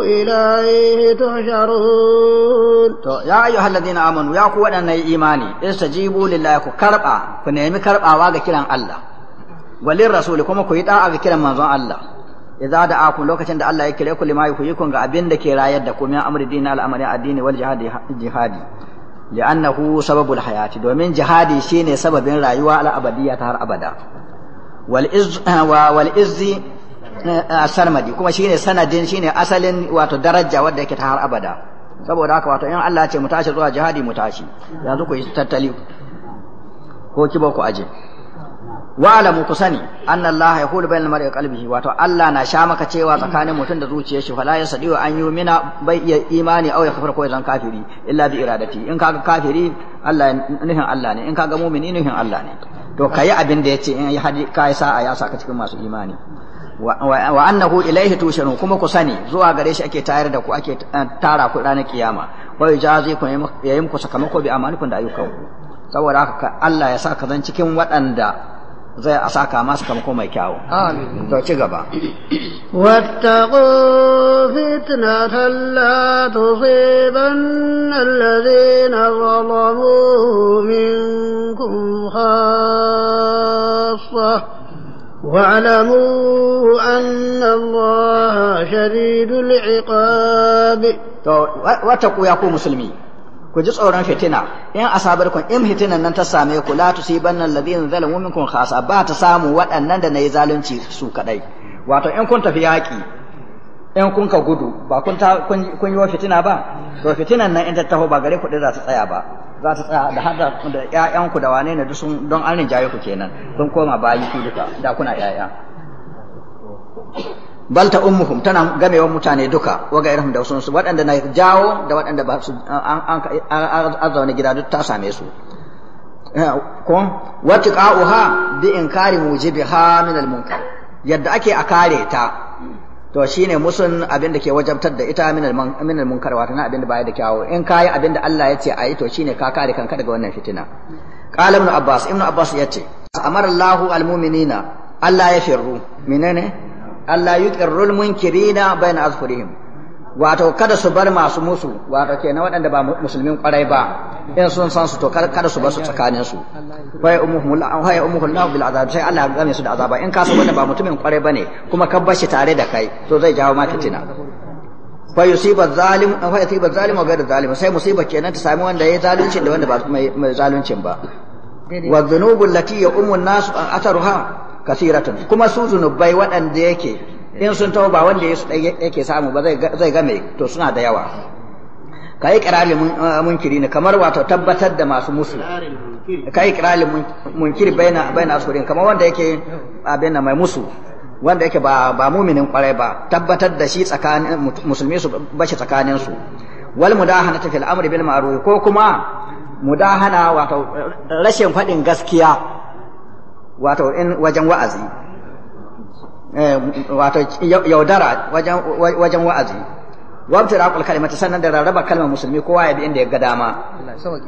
S2: إليه تحشرون يا
S1: أيها الذين آمنوا يا قوة أن إيماني استجيبوا لله كربا كنعم كربا واغا كلام الله وللرسول كما كويتا أغا كلام منظر الله idza da'akum lokacin da Allah ya kire ku lima yuhyikum ga abin da ke rayar da ku min amri dini al'amari addini wal jihadi jihadi li'annahu sababul hayati domin jihadi shine sababin rayuwa al'abadiyya ta har abada wal izzi kuma shine sanadin shine asalin wato daraja wadda yake ta har abada saboda haka wato in Allah ce mu tashi zuwa jihadi mu tashi yanzu kuyi yi tattali ko kiba ku aje wa'lamu ku sani anna Allah hulu bainal mar'i qalbihi wato Allah na sha maka cewa tsakanin mutum da zuciyar shi fala ya sadiwa an yi mina bai iya imani aw ya kafir ko zan kafiri illa bi iradati in kaga kafiri Allah nuhin Allah ne in kaga mu'mini nuhin Allah ne to kai abin da yace in ya hadi kai sa'a ya saka cikin masu imani wa annahu ilaihi mu kuma ku sani zuwa gare shi ake tayar da ku ake eh, tara ku ranar kiyama wa jazi ku yayin ku sakamako bi amalikum da ayyukanku saboda haka Allah ya sa ka zan cikin waɗanda zai a saka masu kama ko mai kyawo. Amin. To ci gaba. Wata
S2: ko fitna talla to siban allazi na zalamu min kun hasa. واعلموا أن الله
S1: شديد العقاب. واتقوا يا ku ji tsoron fitina in kun in fitinan nan ta same ku la tusibanna alladhina zalamu minkum khasa ba ta samu waɗannan da nayi zalunci su kadai wato in kun tafi yaƙi in kun ka gudu ba kun ta kun yi fitina ba to fitinan nan in ta taho ba gare ku za ta tsaya ba za ta tsaya da hada da ku da wane ne duk sun don an rinjaye ku kenan kun koma bayi ku duka da kuna ƴaƴa bal ta ummuhum tana gamewa mutane duka wa gairahum da wasu waɗanda na jawo da waɗanda ba su an zaune gida duk ta same su eh, ko watiqa'uha bi inkari mujibiha min al-munkar yadda ake a kare ta to shine musun abin da ke wajabtar da ita min min munkar wato na abin da baya da kyawu in kai abin da Allah yace ayi to shine ka kare kanka daga wannan fitina qala ibn abbas ibn abbas yace amara Allahu al-mu'minina Allah ya firru menene Allah yuqirrul munkirina na azfurihim wato kada su bar masu musu wato kenan waɗanda ba musulmin kwarai ba in sun san su to kada su bar su tsakanin su wa ya ummuhu bil azab sai Allah ya game su da azaba in ka so wanda ba mutumin ƙwarai bane kuma ka bar shi tare da kai to zai jawo ma fitina fa yusiba zalim fa yusiba zalim wa ghayr zalim sai musiba kenan ta sami wanda ya zalunci da wanda ba mai zaluncin ba wa dhunubu allati ya umun nasu nas atharuha kasiratun kuma su zunubai waɗanda yake in sun taho ba wanda yake samu ba zai game to suna da yawa ka yi kirali uh, munkiri ne kamar wato tabbatar da masu musu ka yi kirali munkiri baina baina kamar wanda yake abin mai musu wanda yake ba muminin kwarai ba tabbatar da shi tsakanin musulmi su bashi tsakanin su wal mudahana fil amri bil ma'ruf ko kuma mudahana wato rashin faɗin gaskiya wato in wajen wa'azi eh, wato yaudara wajen wa'azi wabtira qul kalimati sannan da rarraba kalmar musulmi kowa ya bi inda ya ga dama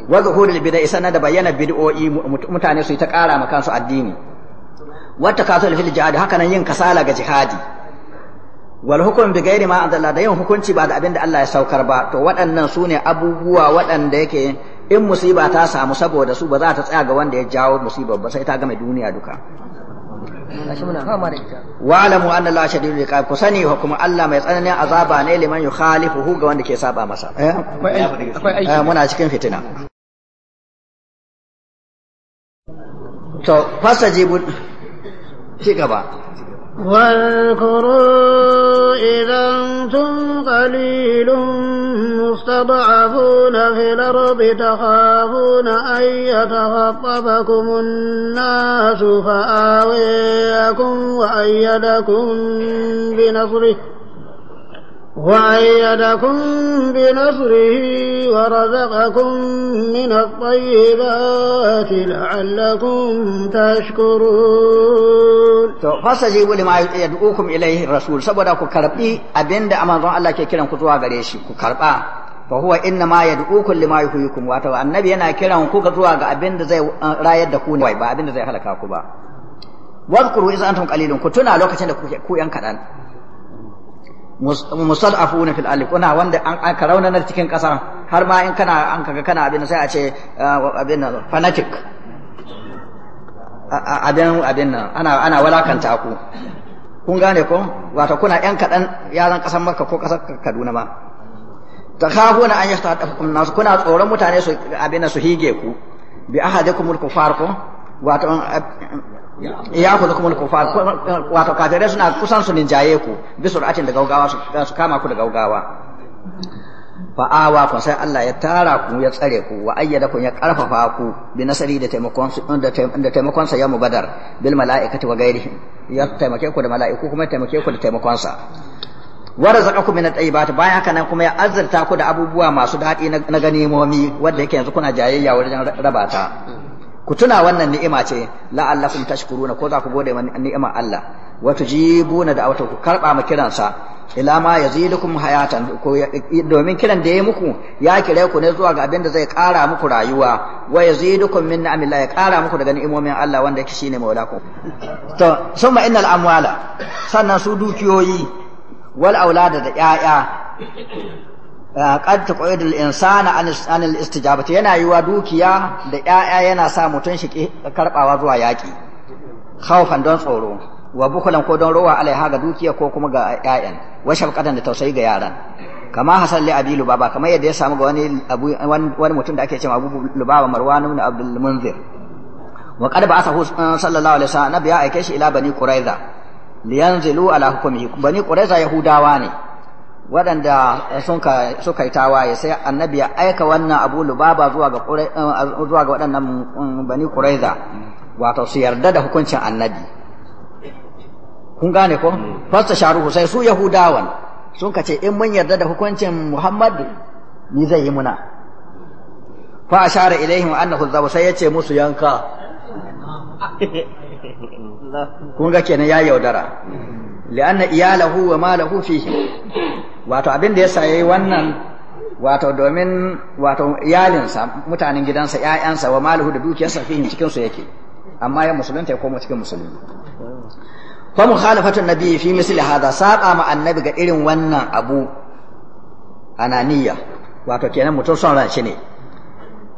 S1: wa zuhurul bid'a sannan da bayyana bid'o'i mutane su ta ƙara ma kansu addini wata kasul fil jihad haka nan yin kasala ga jihadi wal hukum bi ghairi ma anzalla da yin hukunci ba da abin da Allah ya saukar ba to waɗannan sune abubuwa waɗanda yake in musiba ta samu saboda su ba za ta tsaya ga wanda ya jawo musibar ba sai ta game duniya duka wa'lamu anna la shadidul iqab ku sani wa kuma Allah mai tsananin azaba ne liman yukhalifuhu ga wanda ke saba masa eh? eh, muna cikin fitina to fasajibu ci gaba
S2: إذا أنتم قليل مستضعفون في الأرض تخافون أن يتخطفكم الناس فآويكم وأيدكم بنصره وأيدكم بنصره ورزقكم من الطيبات لعلكم
S1: تشكرون to fasajibu lima yad'ukum ilayhi rasul saboda ku karbi abinda amanzon Allah ke kiran ku zuwa gare shi ku karba fa huwa inna ma yad'ukum lima yuhyikum wato annabi yana kiran ku zuwa ga abinda zai uh, rayar da ku ne ba abinda zai halaka ku ba wadhkuru iz antum qalilun ku tuna lokacin da ku yan kadan mustad'afuna fil alif kuna wanda an ka raunana cikin ƙasa har ma in kana an kaga kana abin sai a ce abin fanatic abin abin nan ana ana walakanta ku kun gane ko wato kuna yan kaɗan yaran ƙasar Makka ko ƙasar Kaduna ma takhafuna an yastadafakum nas kuna tsoron mutane su abin su hige ku bi ahadikum al-kufar ko wato ya ku kuma kufa wato kafirai suna kusan su ninjaye ku bi sur'atin da gaugawa su kama ku da gaugawa fa awa fa sai Allah ya tara ku ya tsare ku wa ayyada ku ya karfafa ku bi nasari da taimakon da taimakon sa yamu badar bil malaikati wa ghairihim ya taimake ku da mala'iku kuma taimake ku da taimakon sa warzaqakum min at-tayyibat bayan haka nan kuma ya azurta ku da abubuwa masu daɗi na ganimomi wanda yake yanzu kuna jayayya wajen raba ta ku tuna wannan ni'ima ce la'allakum tashkuruna ko za ku gode wa ni'imar Allah wa tujibuna da ku karba ma kiransa ila ma yazidukum hayatan domin kiran da yayi muku ya kire ku ne zuwa ga abin da zai kara muku rayuwa wa yazidukum min ni'amillah ya kara muku daga ni'imomin Allah wanda yake shine ku to summa innal amwala sannan su dukiyoyi wal aulada da 'ya'ya qad taqid al-insan an al-istijabati yana yiwa dukiya da 'ya'ya yana sa mutun shi karbawa zuwa yaki khaufan don tsoro wa bukulan ko don rowa alaiha ga dukiya ko kuma ga 'ya'yan, wa shafqatan da tausayi ga yaran kama hasan li abi lubaba kamar yadda ya samu ga wani abu wani mutum da ake cewa abu lubaba marwan ibn abdul munzir wa qad ba'athahu uh, sallallahu alaihi wasallam nabiya aike shi ila bani quraiza liyanzilu ala hukmihi bani quraiza yahudawa ne waɗanda sun kai tawaye sai annabi ya aika wannan abu lubaba zuwa ga eh, waɗannan mm, bani kuraiza wato su yarda da hukuncin annabi kun gane ko fasta sharuhu sai su yahudawan sun ka in mun yarda da hukuncin muhammad ni zai yi muna fa ashara ilaihim annahu zaba sai ya musu yanka kun ga kenan ya yaudara li'anna iyalahu wa malahu fihi wato abin da ya yayi wannan wato domin wato iyalinsa mutanen gidansa ƴaƴansa wa malahu da dukiyarsa fihin cikin su yake amma ya musulunta ya koma cikin musulmi fa mukhalafatu nabi fi misli hadha saqa ma annabi ga irin wannan abu ananiya wato kenan mutum son ran ne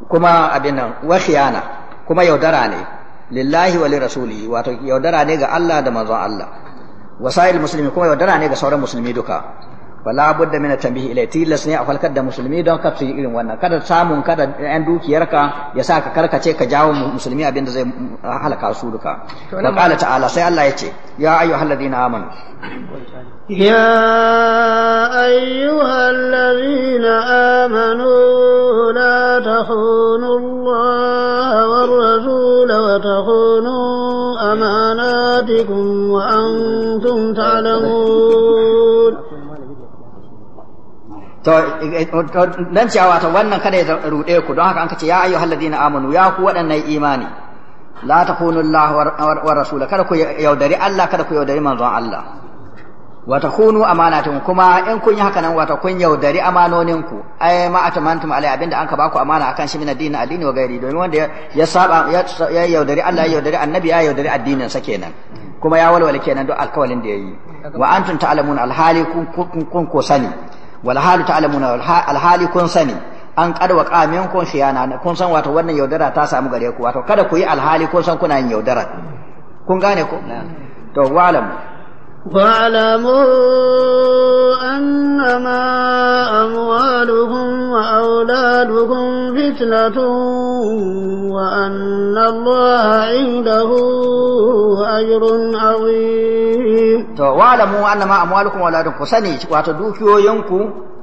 S1: kuma abin nan wa khiyana kuma yaudara ne lillahi wa lirasulihi wato yaudara ne ga Allah da manzon Allah wasa'il musulmi kuma yaudara ne ga sauran musulmi duka wala budda min tanbihi ilai tilas ne a falkar da musulmi don ka su irin wannan kada samun kada yan dukiyarka ya sa ka karkace ka jawo musulmi abinda zai halaka su duka wa qala ta'ala sai Allah yace ya ayyuhalladhina amanu ya
S2: ayyuhalladhina amanu la tahunu Allah war rasul wa tahunu
S1: صلاتكم وأنتم تعلمون to dan ta wannan kada ya rude ku don haka an kace ya ayyuhal ladina amanu ya ku waɗannan imani la takunu Allah wa rasul kada ku yaudari Allah kada ku yaudari manzon Allah wata khunu amanatin kuma in kun yi haka nan wata kun yaudari amanoninku ai ma atamantum alai abinda an ka baku amana akan shi min addini addini wa gairi domin wanda ya saba ya yaudari Allah ya yaudari annabi ya yaudari addinin sa kenan kuma ya walwala kenan duk alkawalin da yayi wa antum ta'lamun alhali kun kun ko sani wal hali ta'lamun alhali kun sani an kadwa qamin kun khiyana kun san wato wannan yaudara ta samu gare ku wato kada ku yi alhali kun san kuna yin yaudara kun gane ko to wa'lamu واعلموا
S2: أنما أموالهم وأولادهم فتنة وأن الله عنده
S1: أجر عظيم واعلموا أنما أموالكم amwalukum فسني auladukum ku sani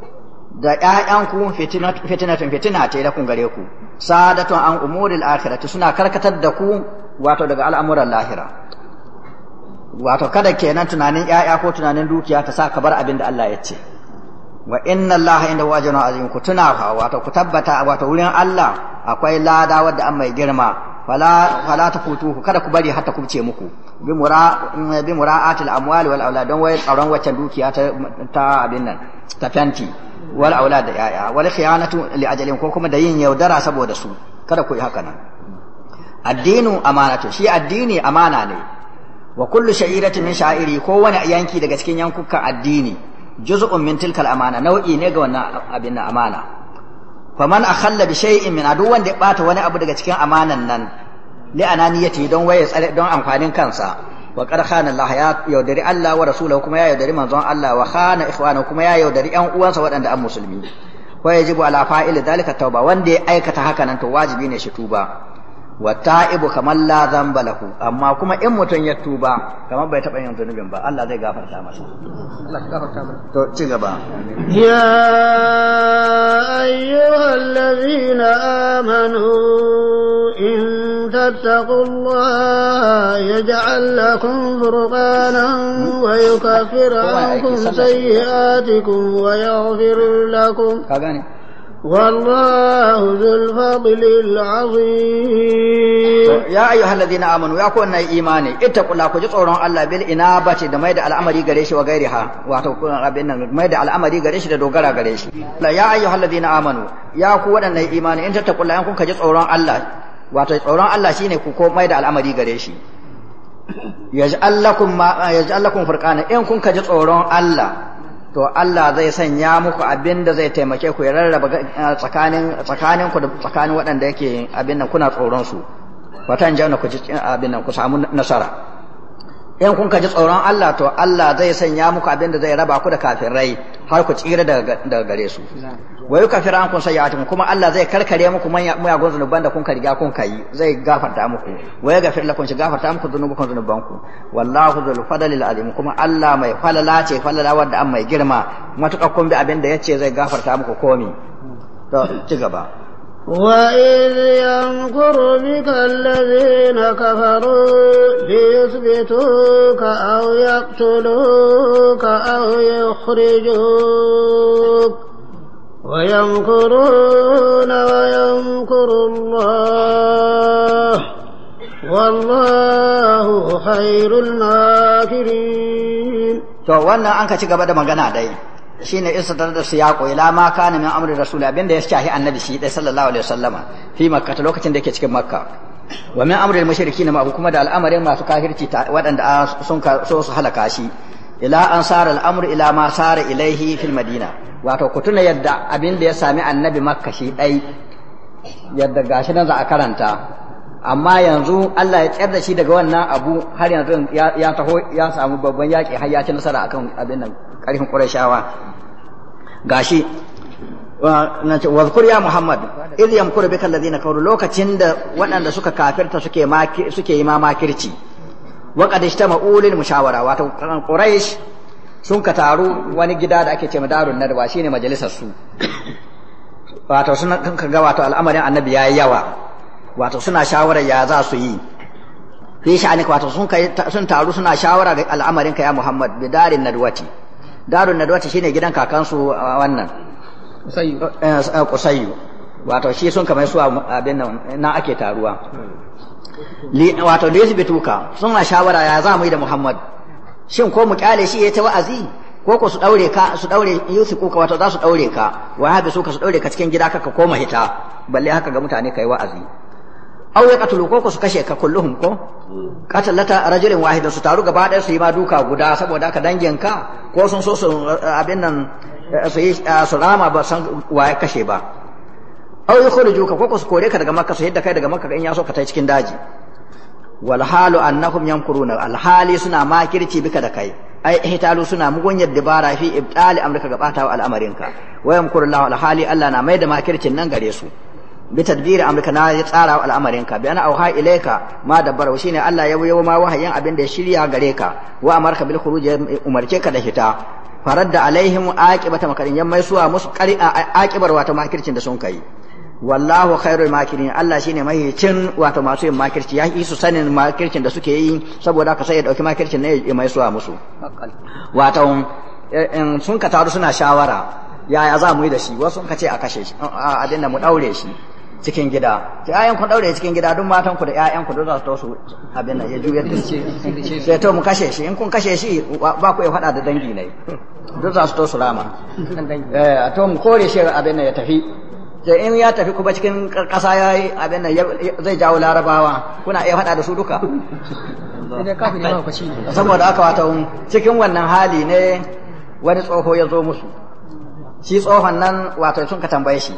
S1: da ƴaƴanku fitinatun fitina ce da kun gare ku sadatun an umuril akhirati suna karkatar da ku wato daga al'amuran lahira wato kada kenan tunanin ‘ya'ya ko tunanin dukiya ta sa ka bar abin da Allah ya ce wa inna Allah inda wajen azim ku tuna fa wato ku tabbata wato wurin Allah akwai lada wadda an mai girma fala fala ta futu kada ku bari har ta kubce muku bi mura bi mura'atil amwal wal aulad don wai tsaron wacce dukiya ta ta abin nan ta fanti wal aulad da ‘ya'ya wal khiyanatu li ajalin ko kuma da yin yaudara saboda su kada ku yi haka nan addinu amanatu shi addini amana ne wa kullu sha'iratin min sha'iri ko wani yanki daga cikin yankukan addini juz'un min tilkal amana nau'i ne ga wannan abin na amana faman akhalla bi shay'in min duk wanda ya bata wani abu daga cikin amanan nan li ananiyati don waye tsare don amfanin kansa wa qad khana Allah ya yaudari Allah wa rasulahu kuma ya yaudari manzon Allah wa khana ikhwanahu kuma ya yaudari ƴan uwansa waɗanda an musulmi wa yajibu ala fa'il dalika tauba wanda ya aikata haka nan to wajibi ne shi tuba wa ta'ibu kamar la zamba amma kuma in mutum ya tuba kamar bai taɓa yin zunubin ba Allah zai gafarta masa Allah gafarta masa to ci gaba
S2: ya ayyuhal ladina amanu in tattaqullaha yaj'al lakum furqanan wa yukaffiru ankum sayyi'atikum wa yaghfir lakum ka gane والله ذو
S1: الفضل العظيم يا ايها الذين امنوا يا كون ايماني اتقوا الله كجي tsoron Allah bil inabati da mai da al'amari gare shi wa gairiha wato abin nan mai da al'amari gare shi da dogara gare shi ya ayyuhal ladina amanu ya ku wadannan imani in tattaqulla in kun kaji tsoron Allah wato tsoron Allah shine ku ko mai da al'amari gare shi yaj'al lakum ma yaj'al lakum in kun kaji tsoron Allah to Allah zai sanya muku abin da zai taimake ku ya rarraba eh, tsakanin tsakanin ku da tsakanin waɗanda yake abin nan kuna tsoron su watan janna ku ji eh, abin nan ku samu nasara in kun ji tsoron Allah to Allah zai sanya muku abin da zai raba ku da kafirai har ku tsira daga gare su wayu kafira an kun sayyatikum kuma Allah zai karkare muku muyagun zunuban da kun ka riga kun kai zai gafarta muku wayu gafir lakum shi gafarta muku zunubukum zunuban ku wallahu dhul fadlil azim kuma Allah mai falala ce falala wanda an mai girma matukar kun bi abin da yace zai gafarta muku komi to ci gaba
S2: وإذ يمكر بك الذين كفروا ليثبتوك أو يقتلوك أو يخرجوك ويمكرون ويمكر
S1: الله والله خير الماكرين to wannan an ka ci gaba da magana dai shine istatar da siyaqo ila ma kana min amri rasul abinda ya shahi annabi shi dai sallallahu alaihi wasallama fi makka ta lokacin da yake cikin makka wa min amri al-mushrikin ma kuma da al'amarin masu kafirci waɗanda sun so su halaka shi ila an sara al-amr ila ma sara ilaihi fil madina wato ku tuna yadda abinda ya sami annabi makka shi dai yadda gashi nan za a karanta amma yanzu Allah ya tsayar da shi daga wannan abu har yanzu ya taho ya samu babban yaƙi har ya ci nasara akan abin nan ƙarfin ƙurashawa gashi wazkur ya muhammad idh yamkuru bika alladhina kafaru lokacin da waɗanda suka kafirta suke suke yi ma makirci wa qad ijtama'u lil mushawara wato quraish sun ka taru wani gida da ake ce madarun nadwa shine majalisar su wato suna ka ga wato al'amarin annabi yayi yawa wato suna shawara ya za su yi fi sha'anik wato sun taru suna shawara ga al'amarin ka ya muhammad bidarin nadwati darun nadwata shine gidan kakansu wannan eh, eh, kusayyu wato shi sun kamar su abin nan na ake taruwa wato da yasu bituka suna shawara ya za mu yi da muhammad shin ko mu kyale shi ya ta wa'azi ko ko su daure ka su daure yusuf kuka wato za su daure ka wa habi ka su daure ka cikin gida ka koma hita balle haka ga mutane kai wa'azi aw ya katulu ko su kashe ka kulluhum ko katalata rajulin wahidin su taru gaba ɗaya su yi ma duka guda saboda ka dangin ka ko sun so su eh, abin nan eh, su yi eh, su rama ba san waye kashe ba aw yukhriju ka ko su kore ka daga makka su yadda kai daga makka in ya so ka tai cikin daji wal halu annahum yankuruna al hali suna makirci bika da kai ai hitalu suna mugunyar dabara fi ibtali amrika gabata wa al'amarinka wa yamkurullahu al hali Allah na mai da makircin nan gare su bi tadbiri amrika na ya tsara al'amarinka ka, ana auha ka, ma dabbara shine Allah ya yawo ma wahayin abin da ya shirya gare ka wa amarka bil khuruj umarce ka da hita faradda alaihim aqibata makarin yamma suwa musu qari'a aqibar wato makircin da sun kai wallahu khairul makirin Allah shine mahicin wato masu yin makirci ya yi su sanin makircin da suke yi saboda haka sai ya dauki makircin ne ya mai suwa musu wato sun ka taru suna shawara yaya za mu yi da shi wasu ka ce a kashe shi mu daure shi cikin gida ta ayan ku daure cikin gida duk matan ku da ƴaƴan ku duk za su to su abin da ya juyar da shi sai to mu kashe shi in kun kashe shi ba ku ya faɗa da dangi ne duk za su to su rama eh to mu kore shi abin da ya tafi sai in ya tafi kuma cikin ƙasa ya yi abin da zai jawo larabawa kuna iya faɗa da su duka saboda aka wata cikin wannan hali ne wani tsoho ya zo musu shi tsohon nan wato sun ka tambaye shi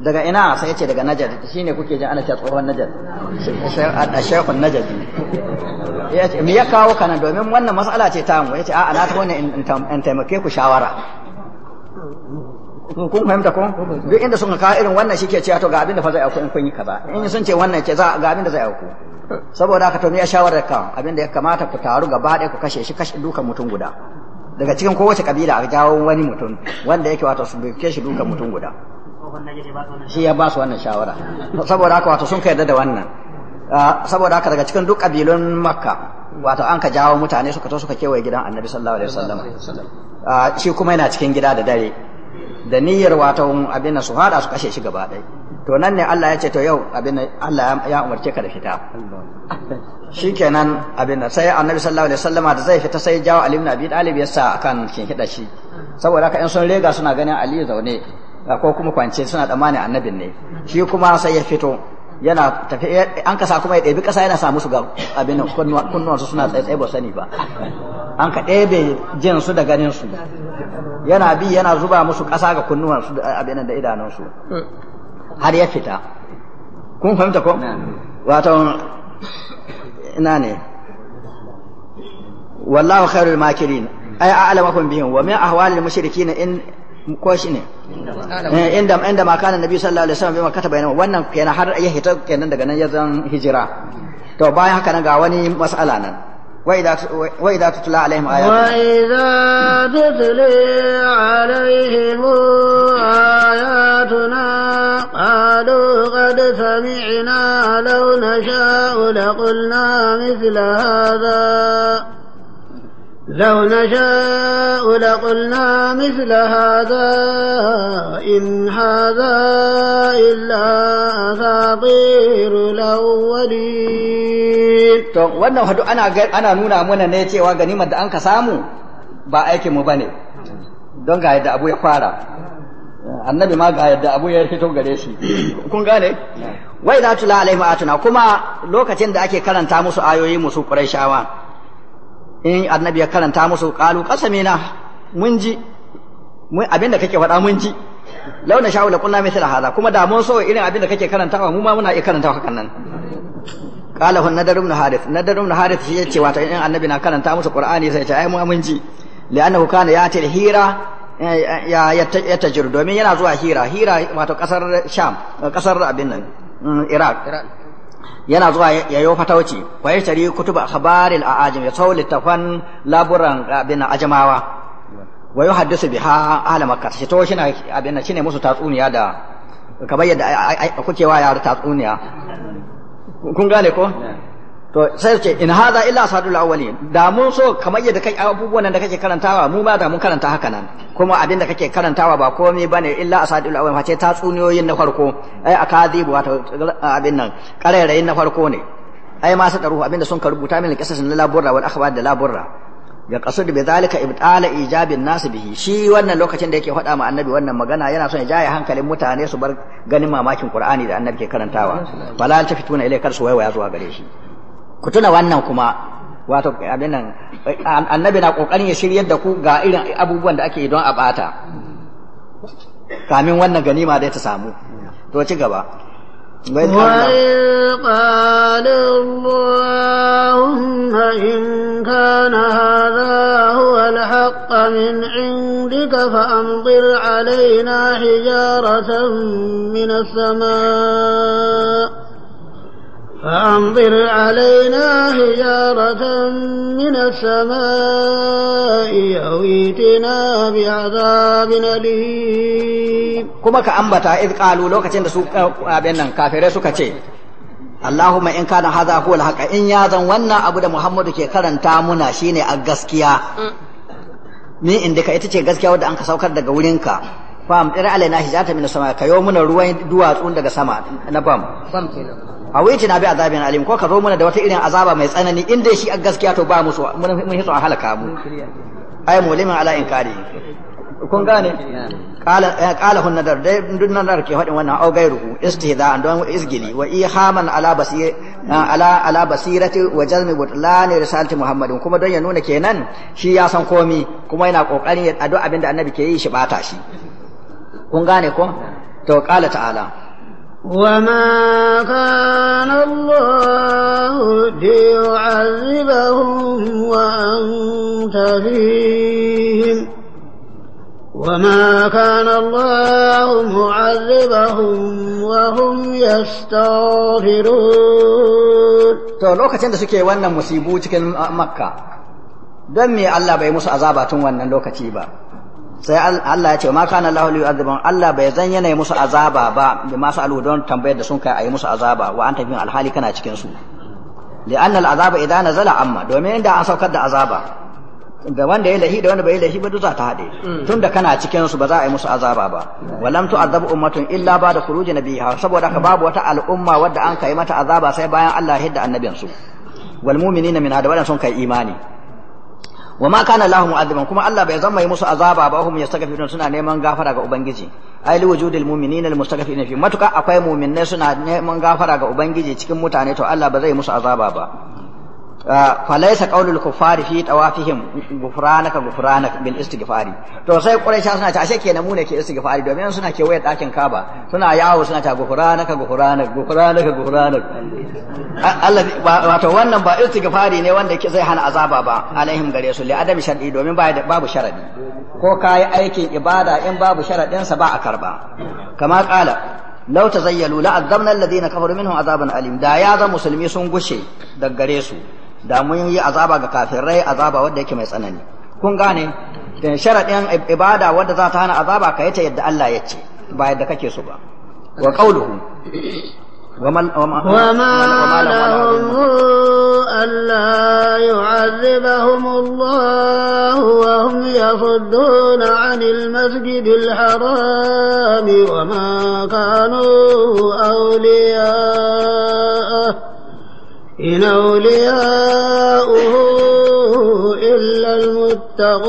S1: daga ina sai ce daga najar shine kuke jin ana ce tsohon najar A najar yace me ya kawo kana domin wannan mas'ala ce ta mu ce, a'a na taho ne in taimake ku shawara kun fahimta ko duk inda sun kawo irin wannan shike ke to ga abin da fa zai auku in kun yi kaza in sun ce wannan ce ga abin da zai auku saboda haka to ne ya shawarar ka abin da ya kamata ku taru gaba ɗaya ku kashe shi kashe dukan mutum guda daga cikin kowace kabila a jawo wani mutum wanda yake wato su bai kashe dukan mutum guda shi ya ba su wannan shawara saboda haka wato sun ka yarda da wannan ah, saboda haka daga cikin duk kabilun makka wato an ka jawo mutane suka to suka kewaye gidan annabi sallallahu alaihi wasallam ah, shi kuma yana cikin gida da dare da niyyar wato abin su hada su kashe shi gaba ɗaya to nan ne Allah ya ce to yau abin Allah ya umarce ka da fita Shi kenan abin sai annabi sallallahu alaihi wasallam da zai fita sai jawo Ali ibn bi ɗalib ya sa akan kin hida shi saboda haka in sun rega suna ganin Ali zaune ko kuma kwance suna tsammanin annabin ne shi kuma sai ya fito yana tafi an kasa kuma ya ɗebi ƙasa yana sa musu ga abin kunnuwansu suna tsaye ba sani ba an ka ɗebe jinsu da ganinsu. yana bi yana zuba musu ƙasa ga kunnuwansu da abin da idanunsu har ya fita kun fahimta ko wato ina ne wallahu khairul makirin ay a'lamakum bihim wa min ahwalil mushrikin in ko shi ne eh, inda inda ma kana nabi sallallahu alaihi wasallam bai kata bayanan wannan kenan har ya hita kenan daga nan ya zan hijira to bayan haka nan ga wani mas'ala nan wa idza tutla alaihim ayatu wa idza tutla
S2: alaihim ayatuna qalu qad sami'na law nasha'u laqulna mithla hadha لو نشاء لقلنا مثل هذا إن هذا إلا
S1: أساطير الأولين to wannan hadu ana ana nuna mana ne cewa ganimar da an ka samu ba aikin mu bane don ga yadda abu ya fara annabi ma ga yadda abu ya fito gare shi kun gane wai za tula alaihim atuna kuma lokacin da ake karanta musu ayoyi musu qurayshawa in annabi ya karanta musu qalu qasamina mun ji mun abinda kake faɗa mun ji launa na sha'u la kunna mithla hadha kuma da mun so irin abinda kake karantawa mu ma muna iya karantawa hakan nan qala hun nadar ibn harith nadar ibn harith shi yace wato in annabi na karanta musu qur'ani sai ya ce ai mu mun ji li'annahu kana ya'ti hira ya yatajir domin yana zuwa hira hira wato kasar sham kasar abin nan mm, iraq yana zuwa ya yi fatauci wa ya shari kutuba a ajin ya sau littafan laburan abin ajamawa wa yi haddisu biha ahla makka shi to shine abin shine musu tatsuniya da kamar yadda kuke wa yara tatsuniya kun gane ko to sai ce in haza illa sadul awwalin da mun so kamar yadda kai abubuwan da kake karantawa mu ma da mun karanta haka nan kuma abin da kake karantawa ba komai bane illa asadul awwalin face ta tsuniyoyin na farko ai akadibu wato abin nan karairayin na farko ne ai ma sa daruhu abin da sun karubuta rubuta min kisasin na laburra wal akhbar da laburra ya qasud bi zalika ibtala ijabin nas bihi shi wannan lokacin da yake faɗa ma annabi wannan magana yana son ya jaye hankalin mutane su bar ganin mamakin qur'ani da annabi ke karantawa fala tafituna ilayka su waya zuwa gare shi ku tuna wannan kuma wato abin nan annabi na kokarin ya shiryar da ku ga irin abubuwan da ake don a bata kamin wannan ganima da ta samu to ci gaba
S2: وإذ قال اللهم إن كان هذا هو الحق من عندك فأمطر علينا حجارة من السماء فأنظر علينا حجارة من السماء
S1: أو ائتنا
S2: بعذاب
S1: أليم كما كأنبتا إذ قالوا لو كتند سوء أبنان كافر سوء كتي اللهم إن كان هذا هو الحق إن يازن ونا أبو محمد كي كرن تامنا شيني أغسكيا ni inda ka ita ce gaskiya wadda an ka saukar daga wurinka fam ɗira alaina hijata min sama ka yo muna ruwan duwatsu daga sama na bam bam kenan a wuce na bi azabin alim ko ka zo mana da wata irin azaba mai tsanani in dai shi a gaskiya to ba mu so mun hiso a halaka mu Ai mulimin ala inkari kun gane qala eh, qala hun nadar dai dun nadar ke hadin wannan au gairuhu an don isgili wa ihaman ala basir ala ala basirati wa jazmi butlan risalati muhammadin kuma don ya nuna kenan shi ya san komi kuma yana kokarin ya addu'a abinda annabi ke yi shi bata shi kun gane ko to qala ta'ala
S2: وما كان الله ليعذبهم وأنت فيهم وما كان الله معذبهم وهم
S1: يستغفرون to lokacin da suke wannan musibu cikin makka don me Allah bai musu azaba tun wannan lokaci ba sai Allah ya ce ma kana Allahu li yu'adhibahum Allah bai zan yana musu azaba ba bi masu sa'alu don tambayar da sun kai ayi musu azaba wa anta bin alhali kana cikin su li'anna al'azaba idza nazala amma domin inda an saukar da azaba da wanda ya lahi da wanda bai lahi ba duk za ta hade. Mm. tun da kana cikin su ba za a yi musu azaba ba walam tu'azzabu ummatun illa ba da khuruji nabiha saboda haka babu wata al'umma wadda an kai mata azaba sai bayan Allah ya hidda annabin su wal mu'minina min hada sun kai imani wa ma kana lahum mu'adhiban kuma Allah bai zama yi musu azaba ba hum yastaghfirun suna neman gafara ga ubangiji ai liwujudil mu'minina almustaghfirina fi matuka akwai mu'minai suna neman gafara ga ubangiji cikin mutane to Allah ba zai musu azaba ba Ah, falaisa qaulul kuffari fi tawafihim gufranaka gufranaka bil istighfari to sai quraisha suna ta ashe kenan mu ne ke istighfari domin suna ke wayar dakin kaba suna yawo suna ta gufranaka gufranaka gufranaka gufranaka Allah wato wannan ba istighfari ne wanda zai hana azaba ba alaihim gare su li adami shar'i domin babu sharadi ko kai aikin ibada in babu sharadin sa ba a karba kama kala law tazayyalu la'adzabna alladhina kafaru minhum azaban alim da ya za musulmi sun gushe daggare su da mun yi azaba ga kafirai azaba wanda yake mai tsanani kun gane eh, sharaɗin ibada wanda za ta hana azaba ka yace yadda Allah ya ce ba yadda kake so ba wa qauluhu wa man wa ma
S2: lahum alla yu'adhibahum Allah
S1: wa hum yafudduna 'anil
S2: masjidil haram wa ma kanu awliya'a إن أولياؤه إلا المتقون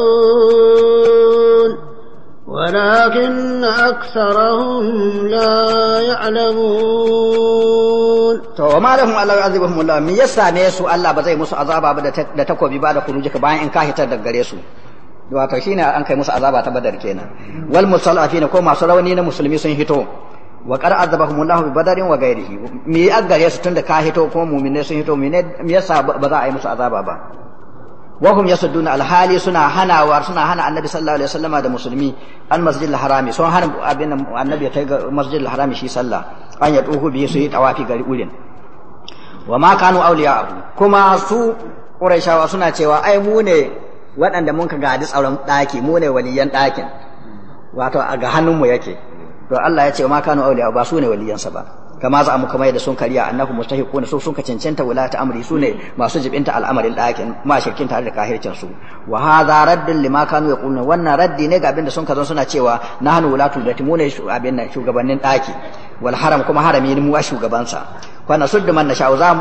S1: ولكن أكثرهم لا يعلمون to ma Allah ya yu'azibuhum Allah me yasa ne su Allah ba zai musu azaba ba da takobi ba da kurujika bayan in ka hitar da gare su wato shine an kai musu azaba ta badar kenan wal musallafina ko masu rauni na musulmi sun hito wa kar azabahum Allah bi badarin wa ghairihi me ya gare su tunda ka hito ko mu'minai sun hito me yasa ba za a yi musu azaba ba wa hum yasudduna alhali suna hanawa suna hana annabi sallallahu alaihi wasallama da musulmi an masjidil harami sun hana abin annabi ya kai masjidil harami shi sallah an ya tuhu bi su yi tawafi gari urin wa ma kanu awliya kuma su quraishawa suna cewa ai mu ne waɗanda mun ka gadi tsaron ɗaki mu ne waliyan ɗakin wato a ga hannunmu yake to Allah ya ce ma kanu awliya ba su ne waliyansa ba kama za mu kamar yadda sun kariya annahu mustahiquna su sun ka cancanta wulata amri su ne masu jibinta al'amarin dakin ma shirkin tare da kahircin su wa hadha raddun lima kanu yaquluna wannan raddi ne ga abin da sun ka zo suna cewa nahnu wulatul dati mu ne abin nan shugabannin daki. wal haram kuma harami mu a shugabansa wannan suddu man nasha za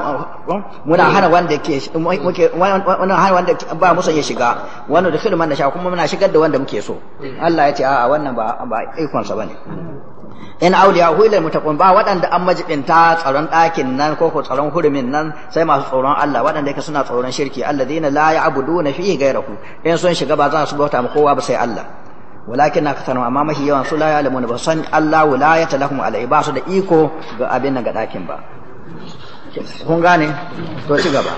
S1: muna hana wanda ke muke hana wanda ba mu ya shiga wanda da man nasha kuma muna shigar da wanda muke so Allah ya ce a'a wannan ba ba ikon sa bane in auliya huila ilal mutaqun ba waɗanda an majibinta tsaron ɗakin nan ko ko tsaron hurumin nan sai masu tsoron Allah wadanda yake suna tsoron shirki alladina la ya'buduna fihi ghayrahu in sun shiga ba za su bauta ma kowa ba sai Allah walakin na kasar amma mafi yawan su la ya'lamuna ba san Allah wilayata lahum alai ba su da iko ga abin nan ga ba kun gane to ci gaba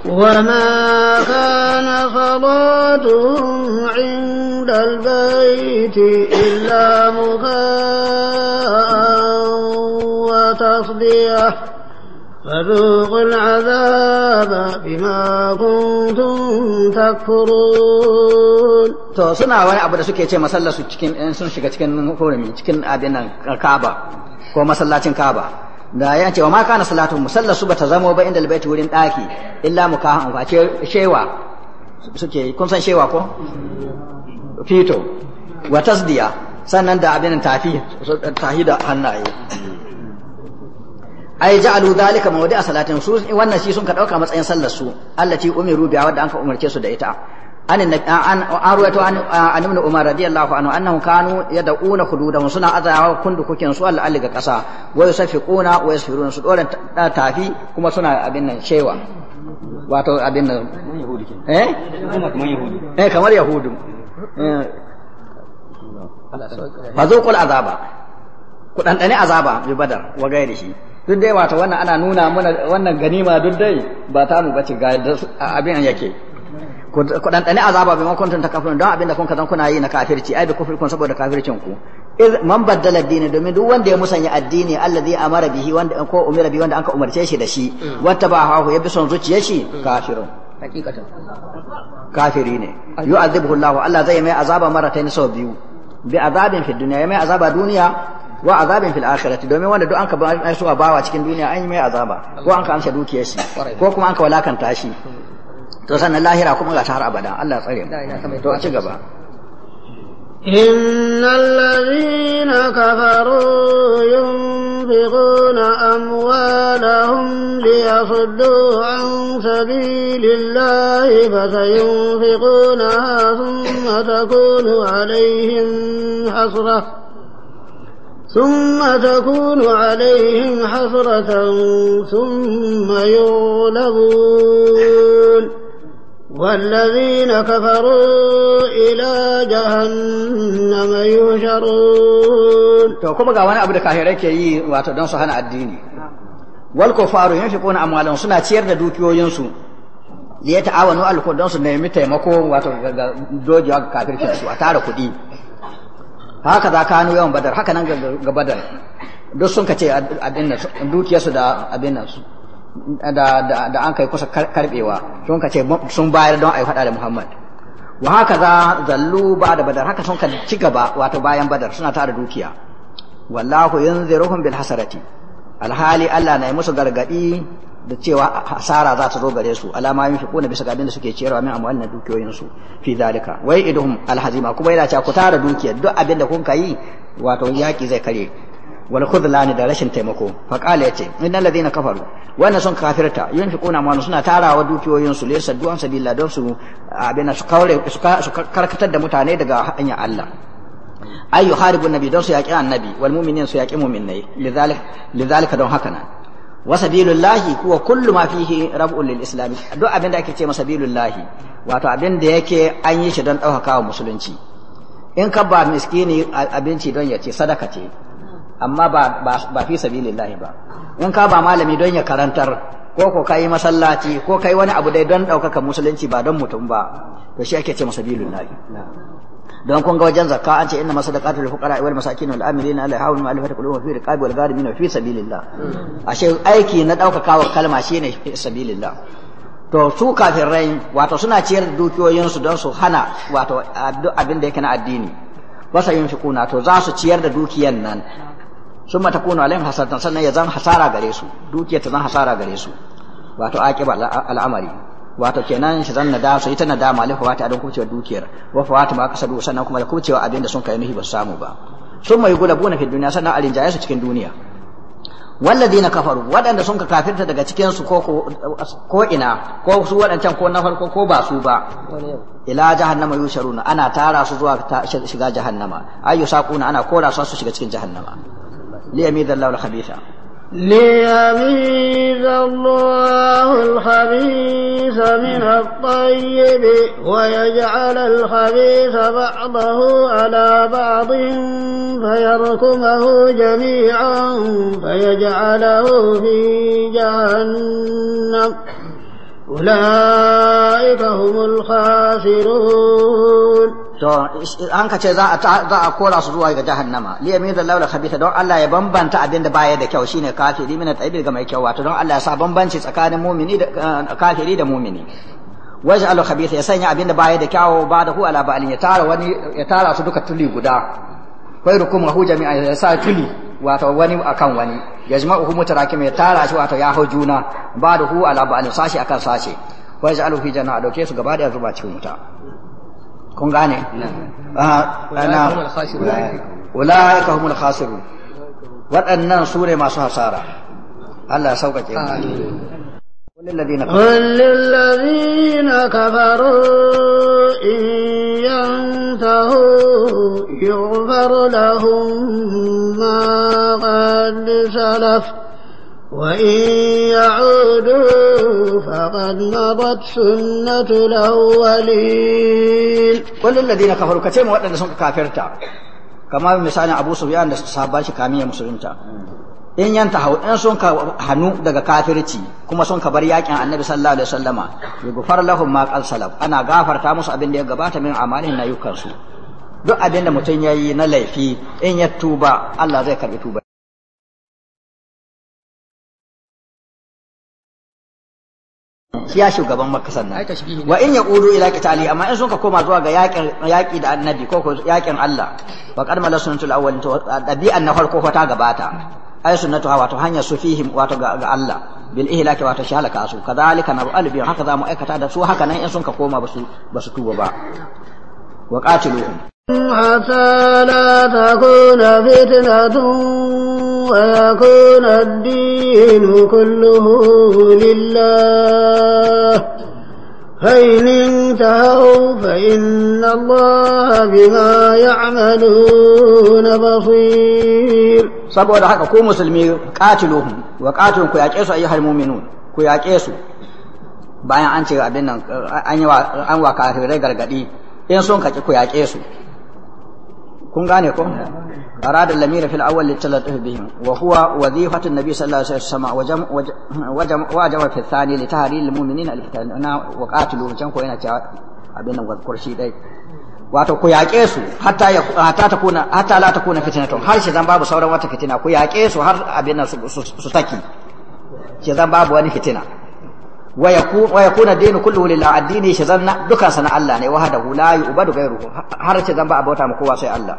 S1: وما
S2: كان صلاتهم عند البيت إلا مكاء وتصديه فذوقوا العذاب بما كنتم تكفرون
S1: to suna wani abu da suke ce masallar su cikin sun shiga cikin hurumi cikin abin nan Kaaba ko masallacin Kaaba da ya ce wa ma kana salatu musallar su bata zamo ba inda albayti wurin daki illa mukahan fa ce shewa suke kun san shewa ko fito wa tasdiya sannan da abin tafi tafi da hannaye ai ja'alu dhalika mawdi'a asalatin, su wannan shi sun ka dauka matsayin sallar su allati umiru biha wadda an ka umarce su da ita an an arwato an an ibn umar radiyallahu anhu annahu kanu yad'una hududahum suna azawa kundu kukin su Allah ga kasa wa yusafiquna wa yasfiruna su dole tafi kuma suna abin nan shewa wato abin nan eh eh kamar yahudu eh. fa zuqul azaba ku dandane azaba bi badar wa gairi shi duk dai wato wannan ana nuna mana wannan ganima duk dai ba ta mu bace ga abin yake ku dan dani azaba bi makon tun takafirun don abin da kun kazan kuna yi na kafirci ai bi kun saboda kafircin ku man baddala addini domin duk wanda ya musanya addini allazi amara bihi wanda ko umira bi wanda anka umarce shi da shi mm. wata ba hawo ya bi son zuciyar shi mm. kafirun hakikatan kafiri ne yu'adhibuhu Allah Allah zai mai azaba maratayn sau biyu bi azabin fi dunya ya mai azaba duniya wa azabin fil akhirati domin wanda duk an ka bai suwa bawa cikin duniya an yi mai azaba ko an ka amsa dukiyar shi ko kuma an ka walakanta shi to sannan lahira kuma ga ta har abada Allah tsare mu to a ci gaba إن
S2: الذين كفروا ينفقون أموالهم ليصدوا عن سبيل الله فسينفقونها ثم تكون عليهم حسرة ثم تكون عليهم حسرة ثم يغلبون والذين كفروا إلى جهنم
S1: يحشرون to kuma ga wani abu da kafirai ke yi wato don su hana addini wal kufaru yunfiquna amwalan suna ciyar da dukiyoyinsu li yata'awanu al don su nemi taimako wato ga dojewa kafircin su a tara kuɗi haka za ka hannu yawan badar haka nan ga badar duk sun ka abin dukiyarsu da abin da an kai kusa karbewa sun ka sun bayar don a yi fada da muhammad wa haka za zallu ba da badar haka sun ka ci gaba wato bayan badar suna tara dukiya wallahu yanziruhum bil hasarati alhali Allah na yi musu gargadi da cewa hasara za ta zo gare su alama yin shukuna bisa ga da suke ciyarwa min amwal na dukiyoyin su fi zalika wai idhum alhazima kuma yana cewa ku tara dukiyar duk abin da kun kai wato yaki zai kare wal khudlan da rashin taimako fa qala yace innal ladina kafaru wa sun kafirta yunfiquna ma suna tarawa dukiyoyin su laysa du'an don su abin su kaure su karkatar da mutane daga hanyar Allah ay yuharibu nabi don su yaki annabi wal mu'minin su yaki mu'minai lidhalika lidhalika don haka nan wa sabilullahi kuwa kullu ma fihi rab'un lil islam duk abin ake ce masa sabilullahi wato abinda yake an yi shi don ɗaukaka wa musulunci in ka ba miskini abinci don ya ce sadaka ce amma ba fi sabilillahi ba in ka ba malami don ya karantar ko ko kai masallaci ko kai wani abu dai don ɗaukaka musulunci ba don mutum ba to shi ake ce masa sabilullahi don kun ga wajen zakka an ce inna masadaqatul fuqara wal masakin wal amilin ala hawlin ma'al fatakul wa fi riqabi wal gharimin wa fi sabilillah ashe aiki na daukaka wa kalma shine fi sabilillah to su kafirai wato suna ciyar da dukiyoyinsu don su hana wato abin da yake na addini wasa yin shukuna to za su ciyar da dukiyan nan sun mata kuna alayhim hasaratan sannan ya zan hasara gare su dukiyar ta zan hasara gare su wato aqiba al'amari wato kenan shi zan nada su ita nadama lafa wata don kucewa dukiyar wa fawata ma kasadu sannan kuma da kucewa abin da sun kai nuhi ba su samu ba sun mai gulabuna fi duniya sannan alinjaye su cikin duniya walladina kafaru waɗanda sun ka kafirta daga cikin su ko ina ko su waɗancan ko na farko ko ba su ba ila jahannama yusharuna ana tara su zuwa shiga jahannama ayyu saquna ana kora su su shiga cikin jahannama li al-khabitha
S2: ليميز الله الخبيث من الطيب ويجعل الخبيث بعضه على بعض فيركمه جميعا فيجعله في جهنم أولئك
S1: هم الخاسرون to an ka ce za a kora su zuwa ga jahannama li yamin da laula khabitha don Allah ya bambanta abin da baya da kyau shine kafiri min tayyib ga mai kyau wato don Allah ya sa bambanci tsakanin mumini da eh, kafiri da mumini waj'alu khabitha ya sanya abin da baya da kyau ba da hu ala ba'alin ya tara wani ya tara su duka tuli guda khairukum hu jami'a ya sa tuli wato wani akan wani yajma'uhu mutarakim ya tara shi wato ya hau juna ba da hu ala ba'alin sashi akan sashi waj'alu fi janna a dauke su gaba da zuba cikin wuta كون غاني نعم. آه، انا اولئك هم الخاسرون وادنا سوره ما سارا الله سوقك قل للذين
S2: كفروا إن ينتهوا يغفر لهم ما قد سلف وإن يعودوا فقد مضت سنة
S1: kafar قل للذين كفروا كتير وقت سنك كافرتا كما مثلا أبو سفيان da sahabban shi kamiya musulunta in yanta hau in sun ka hannu daga kafirci kuma sun ka bar yakin annabi sallallahu alaihi wasallama yughfar lahum ma qal ana gafarta musu abin da ya gabata min amalin nayukan su duk abin da mutum yayi na laifi in ya tuba Allah zai karbi tuba ya shugaban makka sannan wa in ya yaqudu ila kitali amma in sun ka koma zuwa ga yaƙi da annabi ko ko yakin Allah wa qad mala sunnatul awwal to dabi'an na farko ta gabata ai sunnatu hawa to hanya su fihim wato ga Allah bil ihlaki wato shi halaka su kadhalika nab'al bi haka za mu aikata da su haka nan in sun ka koma ba su tuba ba wa qatiluhum hatta
S2: la takuna fitnatun ويكون الدين كله لله فإن انتهوا فإن الله بما يعملون
S1: بصير saboda haka ko musulmi qatiluhum wa qatiluhum ku yaƙe su ayyuhal mu'minun ku yaƙe su bayan an ce abin nan an yi an wa kafirai gargadi in sun kaki ku yaƙe su kun gane ko أراد الأمير في الأول للتلطف بهم وهو وظيفة النبي صلى الله عليه وسلم وجم وجم وجم في الثاني لتهريل المؤمنين الفتن وقاتلوا جنكو هنا أبينا واذكر شيء ذلك wato ku yaƙe su hatta ya hatta ta kuna hatta la ta kuna har shi zan babu sauran wata fitina ku yaƙe su har abin nan su taki shi zan babu wani fitina wa yakun wa yakuna dinu kulluhu lillah addini shi zan dukan sana Allah ne wahdahu la yu'badu ghayruhu har shi zan ba abota mu kowa sai Allah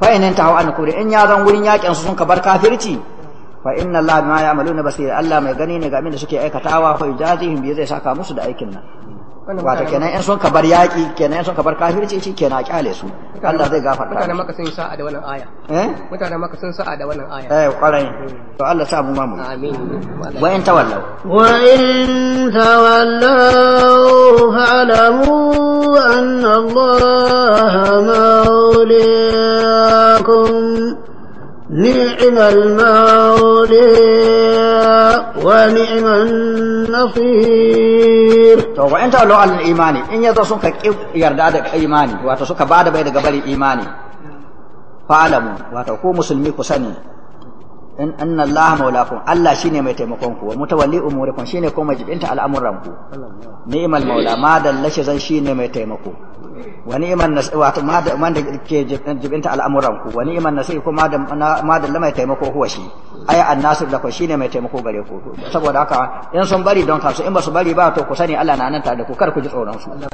S1: fa in tahu an kuri in ya zan wurin yakin su sun ka bar kafirci fa inna allaha bima ya'maluna basir allah mai gani ne ga abin da suke aikatawa fa yujazihim bi zai saka musu da aikin nan wato kenan in sun kabar yaƙi kenan in sun kabar kafirci shi kenan a kyale su Allah zai gafarta mutanen
S2: maka sun sa'a da wannan aya eh mutanen maka sun sa'a da wannan aya eh
S1: kwarai to Allah sa mu ma mu amin wa in tawallu
S2: wa in tawallu fa'lamu anna Allah mawliyakum نعم المولى
S1: ونعم النصير to wa anta lo alin imani in yazo suka ka yarda da imani wato suka bada bai daga bari imani fa wato ko musulmi ku sani in anna Allah maulakum Allah shine mai taimakon ku mutawalli umurikum shine ko mai jibinta al'amuran ku ni'mal maula ma dallashi zan shine mai taimako wa ni'man nasi wato ma da man da ke jibinta al'amuran ku wa ni'man nasir kuma da ma dalla mai taimako huwa shi ay annasu da ku shine mai taimako gare ku saboda haka in sun bari don kasu in ba su bari ba to ku sani Allah na nan tare da ku kar ku ji tsoron su